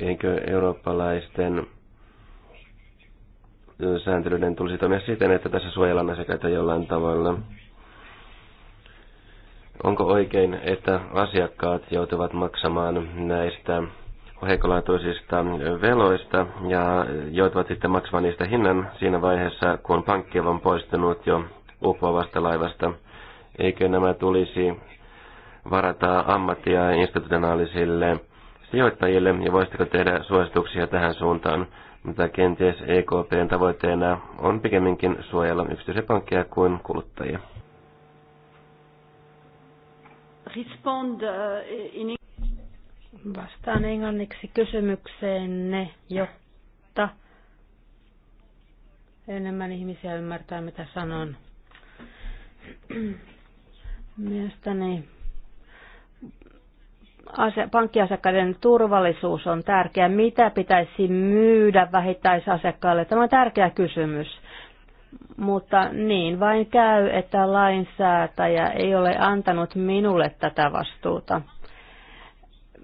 Eikö eurooppalaisten sääntelyiden tulisi toimia siten, että tässä suojellaan asiakkaita jollain tavalla? Onko oikein, että asiakkaat joutuvat maksamaan näistä heikkolaatuisista veloista ja joutuvat sitten maksamaan niistä hinnan siinä vaiheessa, kun pankki on poistunut jo uppoavasta laivasta. Eikö nämä tulisi varata ammattia ja institutionaalisille sijoittajille ja voisitteko tehdä suosituksia tähän suuntaan? Mutta kenties EKPn tavoitteena on pikemminkin suojella yksityisiä pankkeja kuin kuluttajia respond uh, in Vastaan englanniksi kysymykseenne, jotta enemmän ihmisiä ymmärtää, mitä sanon. Mielestäni pankkiasiakkaiden turvallisuus on tärkeä. Mitä pitäisi myydä vähittäisasiakkaille? Tämä on tärkeä kysymys. Mutta niin vain käy, että lainsäätäjä ei ole antanut minulle tätä vastuuta.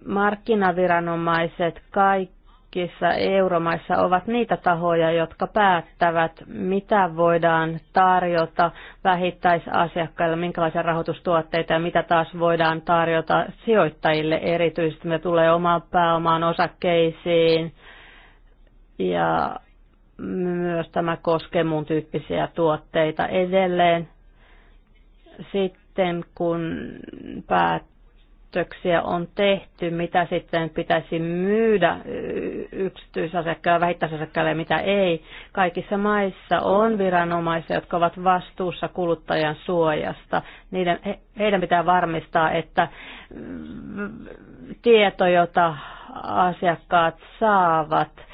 Markkinaviranomaiset kaikissa euromaissa ovat niitä tahoja, jotka päättävät, mitä voidaan tarjota vähittäisasiakkaille, minkälaisia rahoitustuotteita ja mitä taas voidaan tarjota sijoittajille erityisesti, mitä tulee omaan pääomaan osakkeisiin ja myös tämä koskee muun tyyppisiä tuotteita edelleen. Sitten kun päätöksiä on tehty, mitä sitten pitäisi myydä yksityisasiakkaille, vähittäisasiakkaille ja mitä ei, kaikissa maissa on viranomaisia, jotka ovat vastuussa kuluttajan suojasta. Niiden, he, heidän pitää varmistaa, että tieto, jota asiakkaat saavat –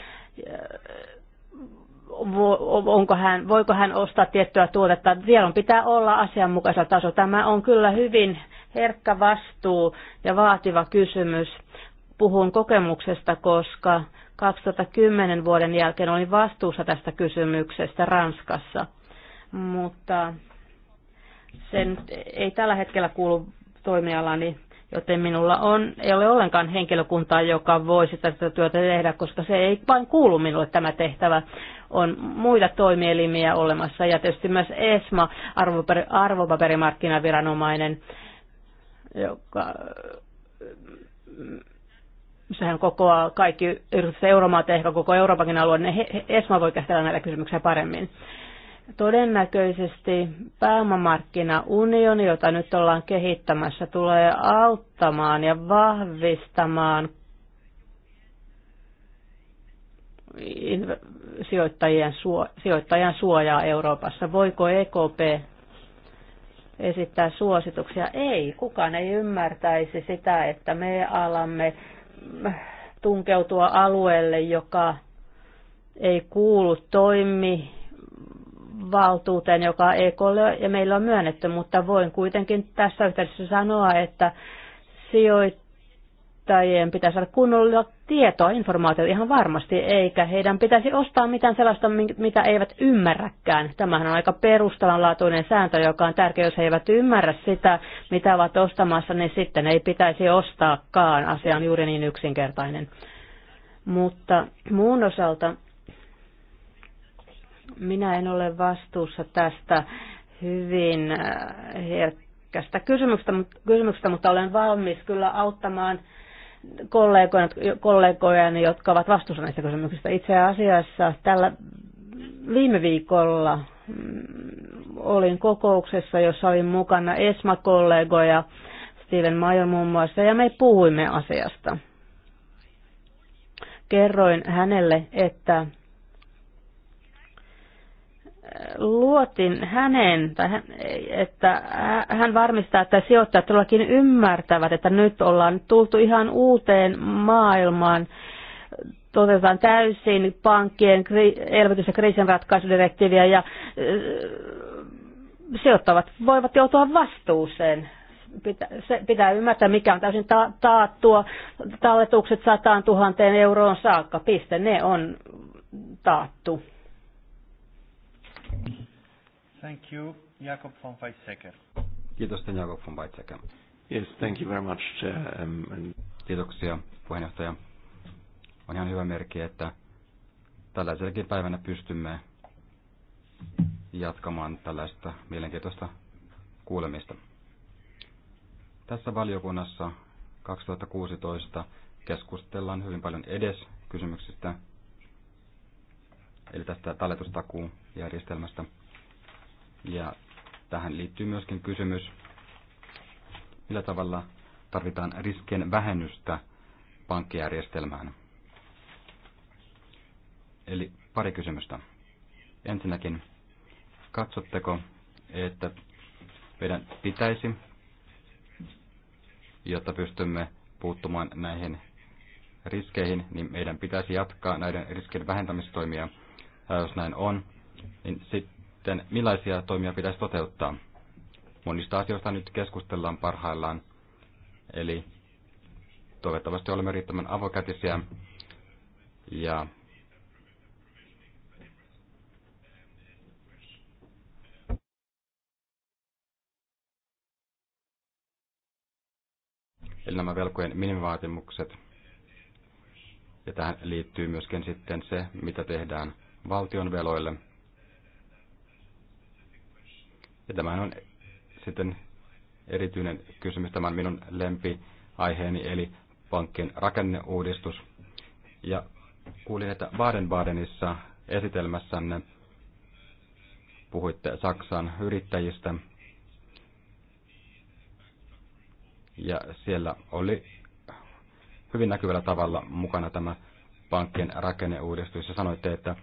onko hän, voiko hän ostaa tiettyä tuotetta. Tiedon pitää olla asianmukaisella tasolla. Tämä on kyllä hyvin herkkä vastuu ja vaativa kysymys. Puhun kokemuksesta, koska 2010 vuoden jälkeen olin vastuussa tästä kysymyksestä Ranskassa, mutta sen ei tällä hetkellä kuulu toimialani, joten minulla on, ei ole ollenkaan henkilökuntaa, joka voisi tätä työtä tehdä, koska se ei vain kuulu minulle tämä tehtävä on muita toimielimiä olemassa ja tietysti myös ESMA, arvopaperimarkkinaviranomainen, joka sehän kokoaa kaikki yritykset euromaat ja ehkä koko Euroopankin alueen, niin ESMA voi käsitellä näitä kysymyksiä paremmin. Todennäköisesti pääomamarkkinaunioni, jota nyt ollaan kehittämässä, tulee auttamaan ja vahvistamaan sijoittajien suo, sijoittajan suojaa Euroopassa. Voiko EKP esittää suosituksia? Ei, kukaan ei ymmärtäisi sitä, että me alamme tunkeutua alueelle, joka ei kuulu toimi valtuuteen, joka EKlle ja meillä on myönnetty, mutta voin kuitenkin tässä yhteydessä sanoa, että sijoittajien kuluttajien pitäisi saada kunnolla tietoa, informaatiota ihan varmasti, eikä heidän pitäisi ostaa mitään sellaista, mitä eivät ymmärräkään. Tämähän on aika perustavanlaatuinen sääntö, joka on tärkeä, jos he eivät ymmärrä sitä, mitä ovat ostamassa, niin sitten ei pitäisi ostaakaan. Asia on juuri niin yksinkertainen. Mutta muun osalta minä en ole vastuussa tästä hyvin äh, herkkästä kysymyksestä mutta olen valmis kyllä auttamaan kollegoja, kollegoja jotka ovat vastuussa näistä kysymyksistä. Itse asiassa tällä viime viikolla mm, olin kokouksessa, jossa olin mukana ESMA-kollegoja, Steven Major muun muassa, ja me puhuimme asiasta. Kerroin hänelle, että luotin hänen, tai hän, että hän varmistaa, että sijoittajat todellakin ymmärtävät, että nyt ollaan tultu ihan uuteen maailmaan, toteutetaan täysin pankkien elvytys- ja kriisinratkaisudirektiiviä ja äh, sijoittavat voivat joutua vastuuseen. Pitää, se pitää ymmärtää, mikä on täysin ta- taattua. Talletukset 100 000 euroon saakka, piste, ne on taattu. Thank you, Jakob von Weizsäcker. Kiitos, Jakob von Weizsäcker. Yes, thank you very much, Chair. Um, Kiitoksia, puheenjohtaja. On ihan hyvä merkki, että tällaisellakin päivänä pystymme jatkamaan tällaista mielenkiintoista kuulemista. Tässä valiokunnassa 2016 keskustellaan hyvin paljon edes kysymyksistä, eli tästä talletustakuujärjestelmästä. Ja tähän liittyy myöskin kysymys, millä tavalla tarvitaan riskien vähennystä pankkijärjestelmään. Eli pari kysymystä. Ensinnäkin, katsotteko, että meidän pitäisi, jotta pystymme puuttumaan näihin riskeihin, niin meidän pitäisi jatkaa näiden riskien vähentämistoimia. Ja jos näin on, niin sitten sitten, millaisia toimia pitäisi toteuttaa? Monista asioista nyt keskustellaan parhaillaan, eli toivottavasti olemme riittävän avokätisiä ja eli nämä velkojen minimivaatimukset. Ja tähän liittyy myöskin sitten se, mitä tehdään valtion veloille – ja tämä on sitten erityinen kysymys, tämä on minun lempiaiheeni, eli pankkien rakenneuudistus. Ja kuulin, että Baden-Badenissa esitelmässänne puhuitte Saksan yrittäjistä. Ja siellä oli hyvin näkyvällä tavalla mukana tämä pankkien rakenneuudistus. Ja sanoitte, että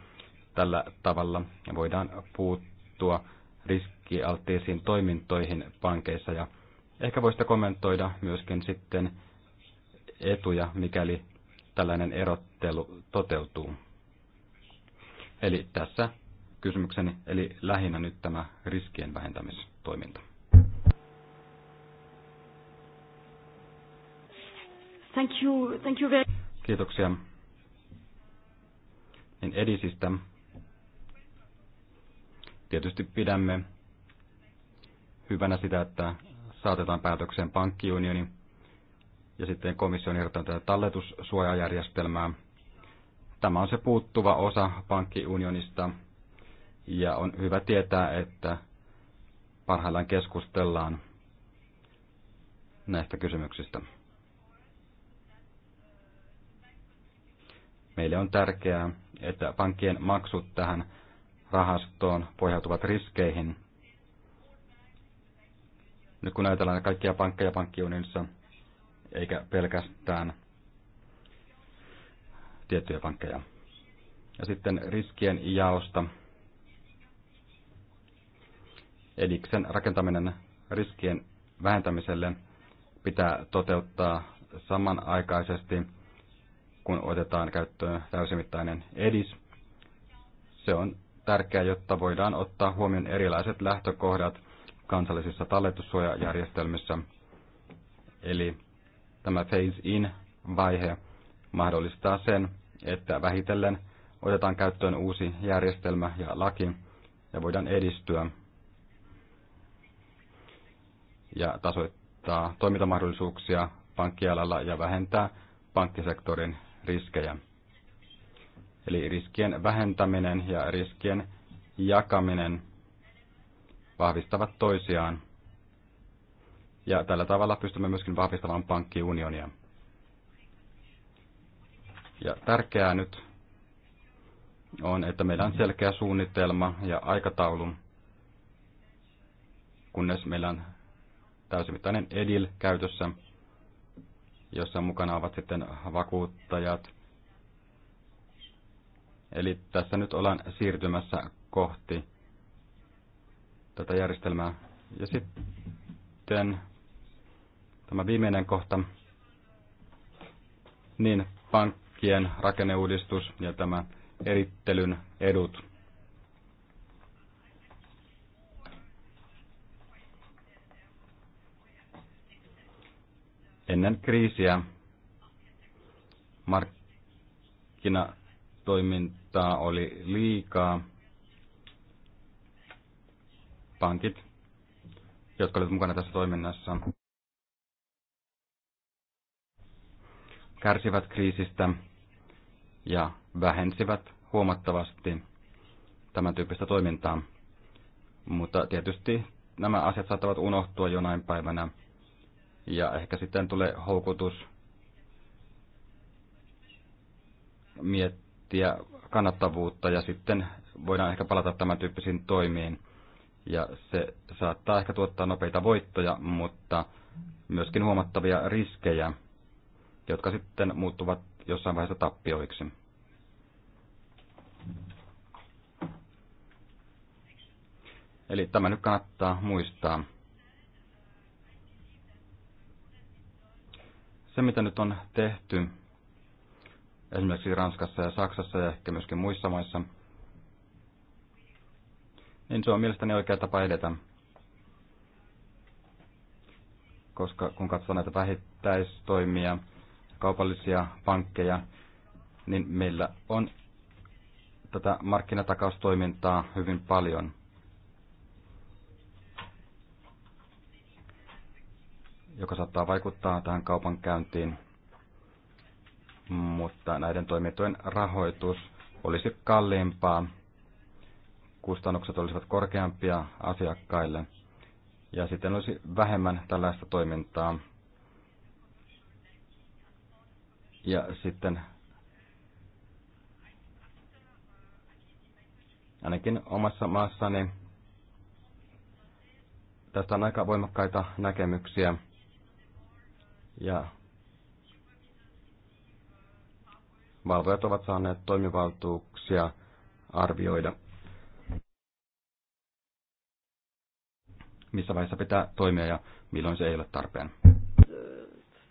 tällä tavalla voidaan puuttua risk, riskialttiisiin toimintoihin pankeissa ja ehkä voisitte kommentoida myöskin sitten etuja, mikäli tällainen erottelu toteutuu. Eli tässä kysymykseni, eli lähinnä nyt tämä riskien vähentämistoiminta. Thank you, thank you very... Kiitoksia. Niin Edisistä. Tietysti pidämme hyvänä sitä, että saatetaan päätökseen pankkiunioni ja sitten komissio on ehdottanut tätä talletussuojajärjestelmää. Tämä on se puuttuva osa pankkiunionista ja on hyvä tietää, että parhaillaan keskustellaan näistä kysymyksistä. Meille on tärkeää, että pankkien maksut tähän rahastoon pohjautuvat riskeihin nyt kun ajatellaan kaikkia pankkeja pankkiunionissa, eikä pelkästään tiettyjä pankkeja. Ja sitten riskien jaosta. Ediksen rakentaminen riskien vähentämiselle pitää toteuttaa samanaikaisesti, kun otetaan käyttöön täysimittainen edis. Se on tärkeää, jotta voidaan ottaa huomioon erilaiset lähtökohdat – kansallisissa talletussuojajärjestelmissä. Eli tämä phase-in-vaihe mahdollistaa sen, että vähitellen otetaan käyttöön uusi järjestelmä ja laki ja voidaan edistyä ja tasoittaa toimintamahdollisuuksia pankkialalla ja vähentää pankkisektorin riskejä. Eli riskien vähentäminen ja riskien jakaminen vahvistavat toisiaan. Ja tällä tavalla pystymme myöskin vahvistamaan pankkiunionia. Ja tärkeää nyt on, että meillä on selkeä suunnitelma ja aikataulu, kunnes meillä on täysimittainen EDIL käytössä, jossa mukana ovat sitten vakuuttajat. Eli tässä nyt ollaan siirtymässä kohti tätä järjestelmää. Ja sitten tämä viimeinen kohta, niin pankkien rakenneuudistus ja tämä erittelyn edut. Ennen kriisiä markkinatoimintaa oli liikaa – pankit, jotka olivat mukana tässä toiminnassa, kärsivät kriisistä ja vähensivät huomattavasti tämän tyyppistä toimintaa. Mutta tietysti nämä asiat saattavat unohtua jonain päivänä ja ehkä sitten tulee houkutus miettiä kannattavuutta ja sitten voidaan ehkä palata tämän tyyppisiin toimiin ja se saattaa ehkä tuottaa nopeita voittoja, mutta myöskin huomattavia riskejä, jotka sitten muuttuvat jossain vaiheessa tappioiksi. Eli tämä nyt kannattaa muistaa. Se, mitä nyt on tehty esimerkiksi Ranskassa ja Saksassa ja ehkä myöskin muissa maissa, niin se on mielestäni oikea tapa edetä. Koska kun katsotaan näitä vähittäistoimia, kaupallisia pankkeja, niin meillä on tätä markkinatakaustoimintaa hyvin paljon. joka saattaa vaikuttaa tähän kaupan käyntiin, mutta näiden toimintojen rahoitus olisi kalliimpaa kustannukset olisivat korkeampia asiakkaille ja sitten olisi vähemmän tällaista toimintaa. Ja sitten ainakin omassa maassani tästä on aika voimakkaita näkemyksiä. Ja valvojat ovat saaneet toimivaltuuksia arvioida missä vaiheessa pitää toimia ja milloin se ei ole tarpeen.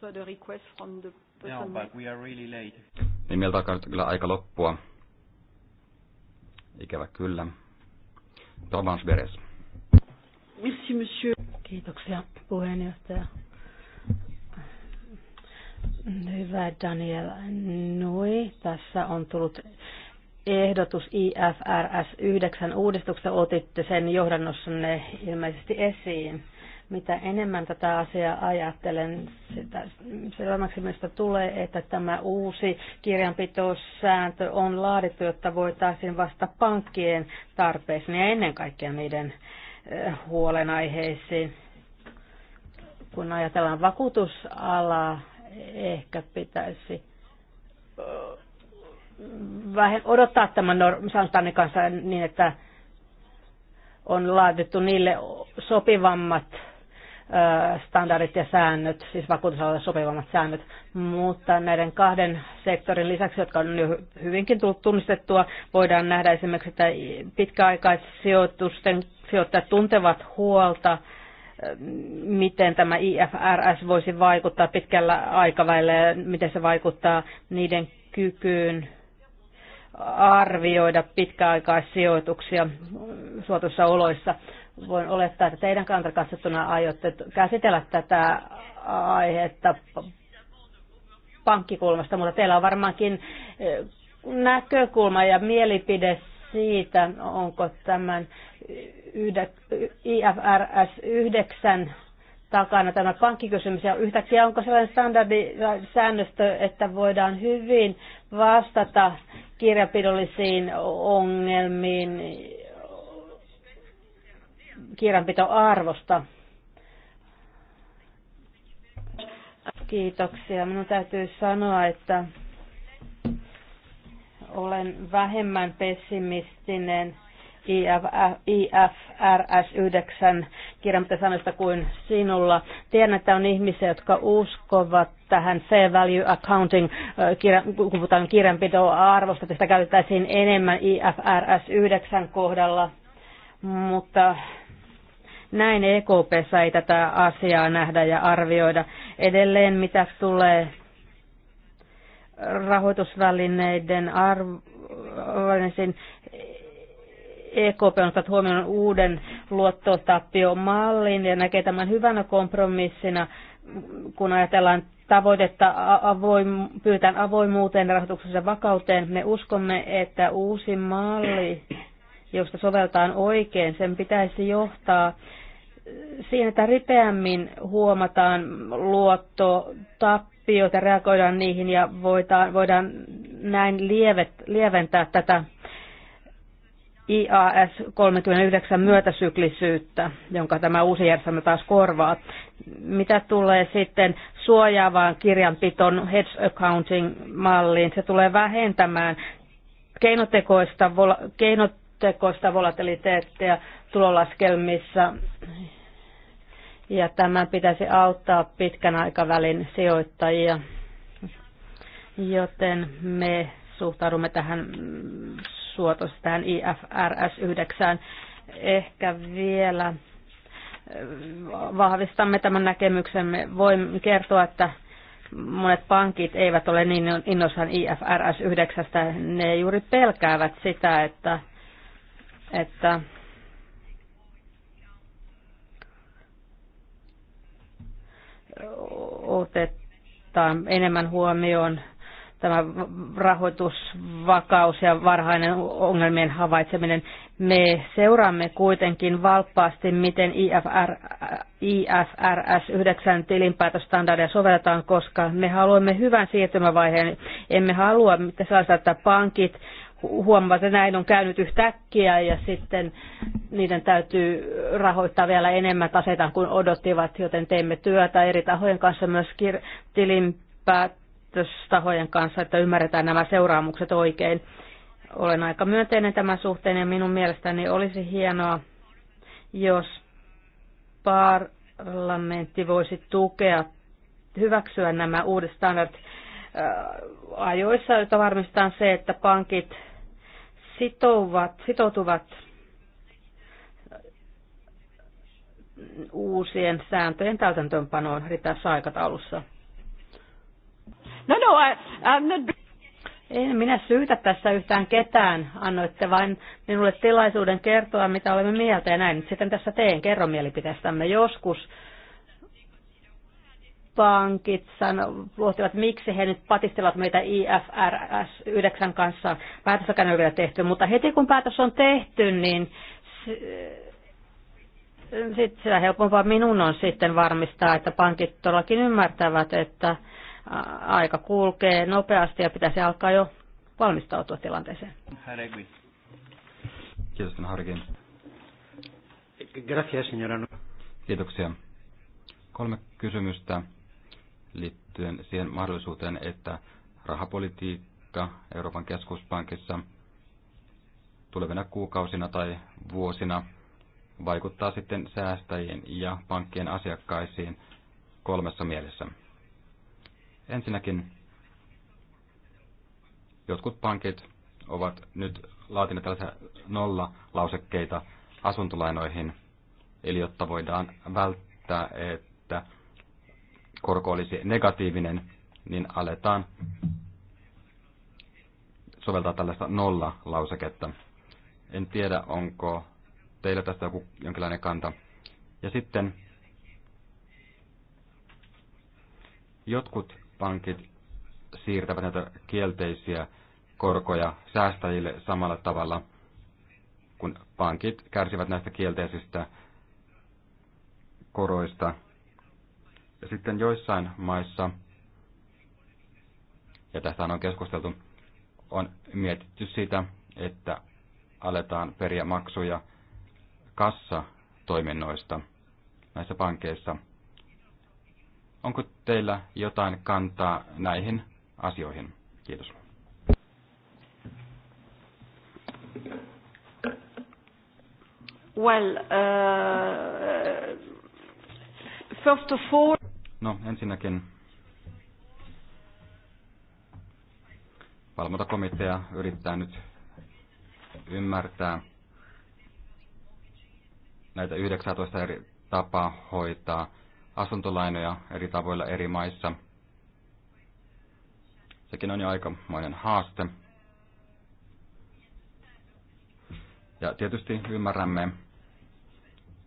No, niin meiltä alkaa nyt kyllä aika loppua. Ikävä kyllä. Thomas Beres. Merci, monsieur. Kiitoksia, puheenjohtaja. Hyvä Daniel. Noi, tässä on tullut ehdotus IFRS 9 uudistuksesta otitte sen johdannossanne ilmeisesti esiin. Mitä enemmän tätä asiaa ajattelen, sitä selvemmäksi minusta tulee, että tämä uusi kirjanpitosääntö on laadittu, jotta voitaisiin vasta pankkien tarpeisiin ja ennen kaikkea niiden eh, huolenaiheisiin. Kun ajatellaan vakuutusalaa, ehkä pitäisi eh, vähän odottaa tämän normisantanne kanssa niin, että on laadittu niille sopivammat standardit ja säännöt, siis vakuutusalalle sopivammat säännöt, mutta näiden kahden sektorin lisäksi, jotka on jo hyvinkin tullut tunnistettua, voidaan nähdä esimerkiksi, että pitkäaikaissijoitusten sijoittajat tuntevat huolta, miten tämä IFRS voisi vaikuttaa pitkällä aikavälillä ja miten se vaikuttaa niiden kykyyn arvioida pitkäaikaissijoituksia suotuissa oloissa. Voin olettaa, että teidän kantakatsottuna aiotte käsitellä tätä aihetta pankkikulmasta, mutta teillä on varmaankin eh, näkökulma ja mielipide siitä, onko tämän IFRS 9 takana tämä pankkikysymys ja yhtäkkiä onko sellainen standardi säännöstö, että voidaan hyvin vastata kirjanpidollisiin ongelmiin kirjanpitoarvosta. Kiitoksia. Minun täytyy sanoa, että olen vähemmän pessimistinen IFRS 9 sanoista kuin sinulla. Tiedän, että on ihmisiä, jotka uskovat tähän fair value accounting, kun puhutaan kirjanpitoarvosta, että sitä käytettäisiin enemmän IFRS 9 kohdalla, mutta näin EKP ei tätä asiaa nähdä ja arvioida. Edelleen mitä tulee rahoitusvälineiden arvoisiin, EKP on saanut huomioon uuden luottotappiomallin ja näkee tämän hyvänä kompromissina, kun ajatellaan tavoitetta avoim, pyytään avoimuuteen ja rahoituksessa vakauteen. Me uskomme, että uusi malli, josta soveltaan oikein, sen pitäisi johtaa siinä, että ripeämmin huomataan luottotappiot ja reagoidaan niihin ja voidaan, voidaan näin lievet, lieventää tätä IAS 39 myötäsyklisyyttä, jonka tämä uusi järjestelmä taas korvaa. Mitä tulee sitten suojaavaan kirjanpiton hedge accounting malliin, se tulee vähentämään keinotekoista, keinotekoista volatiliteettia tulolaskelmissa ja tämän pitäisi auttaa pitkän aikavälin sijoittajia, joten me suhtaudumme tähän suotossa tähän IFRS 9. Ehkä vielä äh, vahvistamme tämän näkemyksemme. Voin kertoa, että monet pankit eivät ole niin innoissaan IFRS 9. Ne juuri pelkäävät sitä, että, että otetaan enemmän huomioon tämä rahoitusvakaus ja varhainen ongelmien havaitseminen. Me seuraamme kuitenkin valppaasti, miten IFR, IFRS 9 tilinpäätöstandardia sovelletaan, koska me haluamme hyvän siirtymävaiheen. Emme halua sellaista, että pankit huomaa, että näin on käynyt yhtäkkiä ja sitten niiden täytyy rahoittaa vielä enemmän taseita kuin odottivat, joten teemme työtä eri tahojen kanssa myös tilinpäätöstandardia päätöstahojen kanssa, että ymmärretään nämä seuraamukset oikein. Olen aika myönteinen tämän suhteen ja minun mielestäni olisi hienoa, jos parlamentti voisi tukea, hyväksyä nämä uudet standardit äh, ajoissa, jotta varmistetaan se, että pankit sitouvat, sitoutuvat uusien sääntöjen täytäntöönpanoon riittävässä aikataulussa. No no, I, I'm not... En minä syytä tässä yhtään ketään. Annoitte vain minulle tilaisuuden kertoa, mitä olemme mieltä ja näin. Sitten tässä teen, kerron mielipiteestämme joskus. Pankit sano, miksi he nyt patistevat meitä IFRS 9 kanssa. päätös ei vielä tehty, mutta heti kun päätös on tehty, niin sitten sitä helpompaa minun on sitten varmistaa, että pankit todellakin ymmärtävät, että aika kulkee nopeasti ja pitäisi alkaa jo valmistautua tilanteeseen. Kiitos, Harkin. Gracias, señora. Kiitoksia. Kolme kysymystä liittyen siihen mahdollisuuteen, että rahapolitiikka Euroopan keskuspankissa tulevina kuukausina tai vuosina vaikuttaa sitten säästäjiin ja pankkien asiakkaisiin kolmessa mielessä. Ensinnäkin jotkut pankit ovat nyt laatineet tällaisia nollalausekkeita asuntolainoihin, eli jotta voidaan välttää, että korko olisi negatiivinen, niin aletaan soveltaa tällaista nollalauseketta. En tiedä, onko teillä tästä joku jonkinlainen kanta. Ja sitten jotkut pankit siirtävät näitä kielteisiä korkoja säästäjille samalla tavalla, kun pankit kärsivät näistä kielteisistä koroista. Ja sitten joissain maissa, ja tästä on keskusteltu, on mietitty sitä, että aletaan periä maksuja kassatoiminnoista näissä pankeissa – Onko teillä jotain kantaa näihin asioihin? Kiitos. Well, uh, first of all... No, ensinnäkin valvontakomitea yrittää nyt ymmärtää näitä 19 eri tapaa hoitaa asuntolainoja eri tavoilla eri maissa. Sekin on jo aikamoinen haaste. Ja tietysti ymmärrämme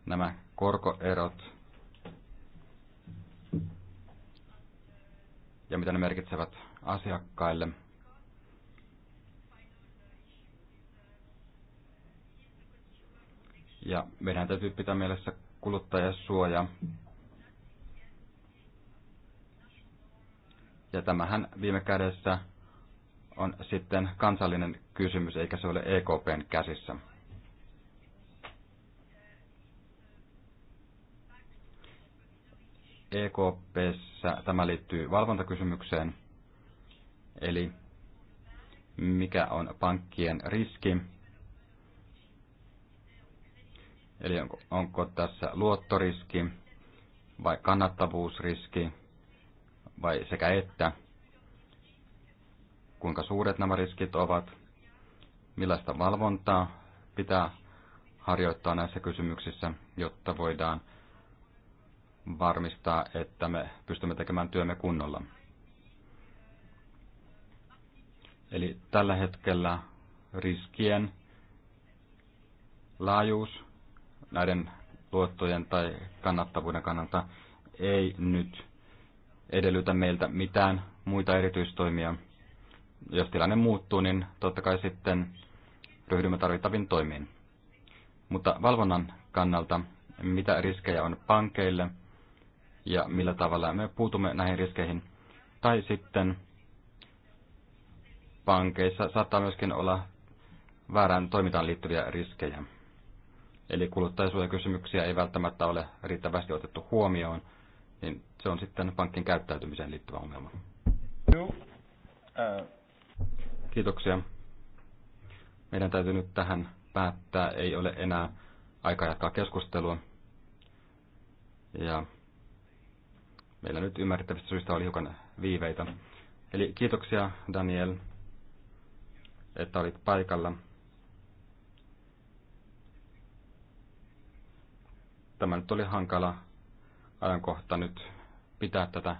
nämä korkoerot ja mitä ne merkitsevät asiakkaille. Ja meidän täytyy pitää mielessä kuluttajasuoja Ja tämähän viime kädessä on sitten kansallinen kysymys, eikä se ole EKPn käsissä. EKPssä tämä liittyy valvontakysymykseen, eli mikä on pankkien riski, eli onko, onko tässä luottoriski vai kannattavuusriski vai sekä että, kuinka suuret nämä riskit ovat, millaista valvontaa pitää harjoittaa näissä kysymyksissä, jotta voidaan varmistaa, että me pystymme tekemään työmme kunnolla. Eli tällä hetkellä riskien laajuus näiden luottojen tai kannattavuuden kannalta ei nyt edellytä meiltä mitään muita erityistoimia. Jos tilanne muuttuu, niin totta kai sitten ryhdymme tarvittaviin toimiin. Mutta valvonnan kannalta, mitä riskejä on pankeille ja millä tavalla me puutumme näihin riskeihin, tai sitten pankeissa saattaa myöskin olla väärään toimintaan liittyviä riskejä. Eli kysymyksiä ei välttämättä ole riittävästi otettu huomioon, niin se on sitten pankin käyttäytymiseen liittyvä ongelma. Kiitoksia. Meidän täytyy nyt tähän päättää. Ei ole enää aika jatkaa keskustelua. Ja meillä nyt ymmärrettävistä syistä oli hiukan viiveitä. Eli kiitoksia Daniel, että olit paikalla. Tämä nyt oli hankala ajankohta nyt pitää tätä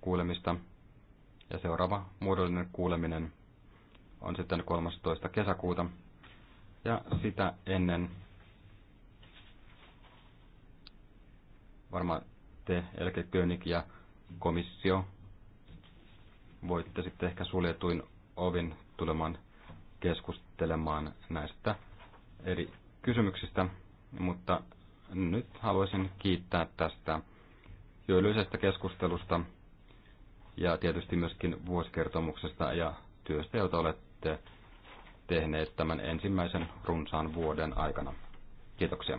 kuulemista. Ja seuraava muodollinen kuuleminen on sitten 13. kesäkuuta. Ja sitä ennen varmaan te, Elke König ja komissio, voitte sitten ehkä suljetuin ovin tulemaan keskustelemaan näistä eri kysymyksistä, mutta nyt haluaisin kiittää tästä jo keskustelusta ja tietysti myöskin vuosikertomuksesta ja työstä, jota olette tehneet tämän ensimmäisen runsaan vuoden aikana. Kiitoksia.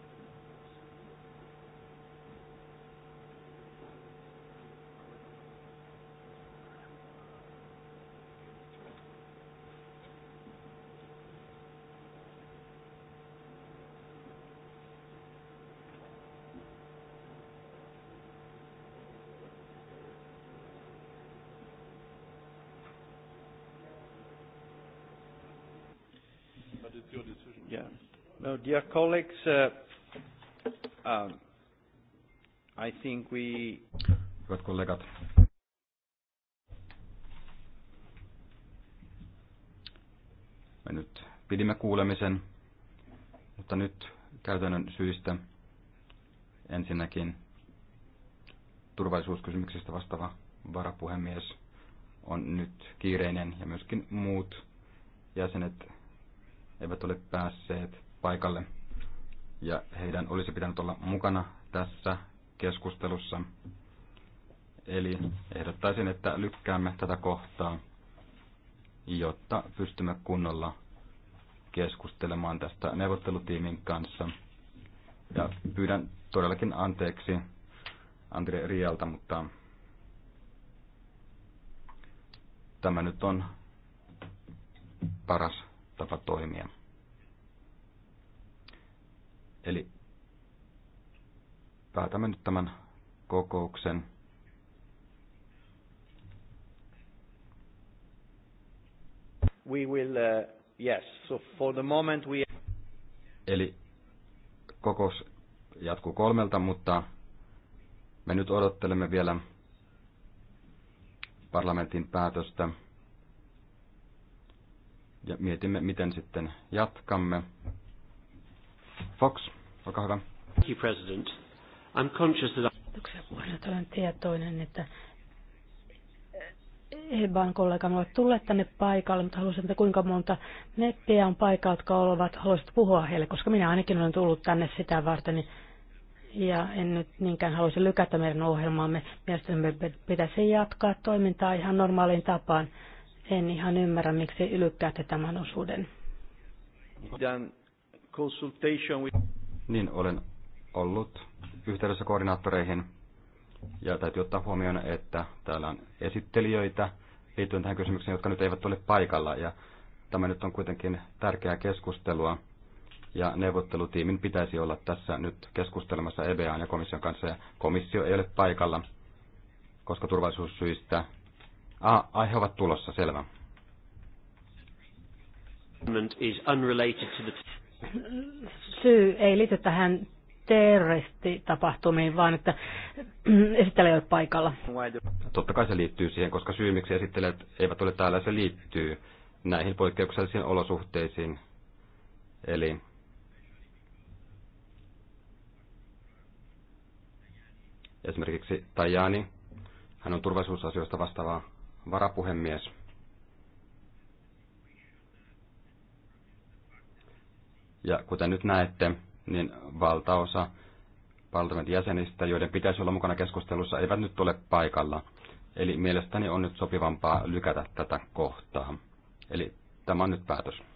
But it's your decision. Yeah. No, dear colleagues, uh, um, I think we... Hyvät kollegat. Me nyt pidimme kuulemisen, mutta nyt käytännön syistä ensinnäkin turvallisuuskysymyksistä vastaava varapuhemies on nyt kiireinen ja myöskin muut jäsenet eivät ole päässeet paikalle. Ja heidän olisi pitänyt olla mukana tässä keskustelussa. Eli ehdottaisin, että lykkäämme tätä kohtaa, jotta pystymme kunnolla keskustelemaan tästä neuvottelutiimin kanssa. Ja pyydän todellakin anteeksi Andre Rialta, mutta tämä nyt on paras tapa toimia. Eli päätämme nyt tämän kokouksen. We will, uh, yes, so for the moment we... Eli kokous jatkuu kolmelta, mutta me nyt odottelemme vielä parlamentin päätöstä ja mietimme, miten sitten jatkamme. Fox, olkaa hyvä. Thank you, President. I'm conscious that... Kiitoksia Olen tietoinen, että Eban kollegan ovat tulleet tänne paikalle, mutta haluaisin, että kuinka monta neppiä on paikalla, jotka ovat, haluaisit puhua heille, koska minä ainakin olen tullut tänne sitä varten. Ja en nyt niinkään haluaisi lykätä meidän ohjelmaamme. Mielestäni me pitäisi jatkaa toimintaa ihan normaaliin tapaan. En ihan ymmärrä, miksi ylykkäätte tämän osuuden. Niin, olen ollut yhteydessä koordinaattoreihin ja täytyy ottaa huomioon, että täällä on esittelijöitä liittyen tähän kysymykseen, jotka nyt eivät ole paikalla. Ja tämä nyt on kuitenkin tärkeää keskustelua ja neuvottelutiimin pitäisi olla tässä nyt keskustelemassa EBAn ja komission kanssa ja komissio ei ole paikalla, koska turvallisuussyistä Ah, ai he ovat tulossa, selvä. Syy ei liity tähän terroristitapahtumiin, vaan että <clears throat> esittelijät ovat paikalla. Totta kai se liittyy siihen, koska syy miksi esittelijät eivät ole täällä, se liittyy näihin poikkeuksellisiin olosuhteisiin. Eli esimerkiksi Tajani, hän on turvallisuusasioista vastaava varapuhemies. Ja kuten nyt näette, niin valtaosa parlamentin jäsenistä, joiden pitäisi olla mukana keskustelussa, eivät nyt ole paikalla. Eli mielestäni on nyt sopivampaa lykätä tätä kohtaa. Eli tämä on nyt päätös.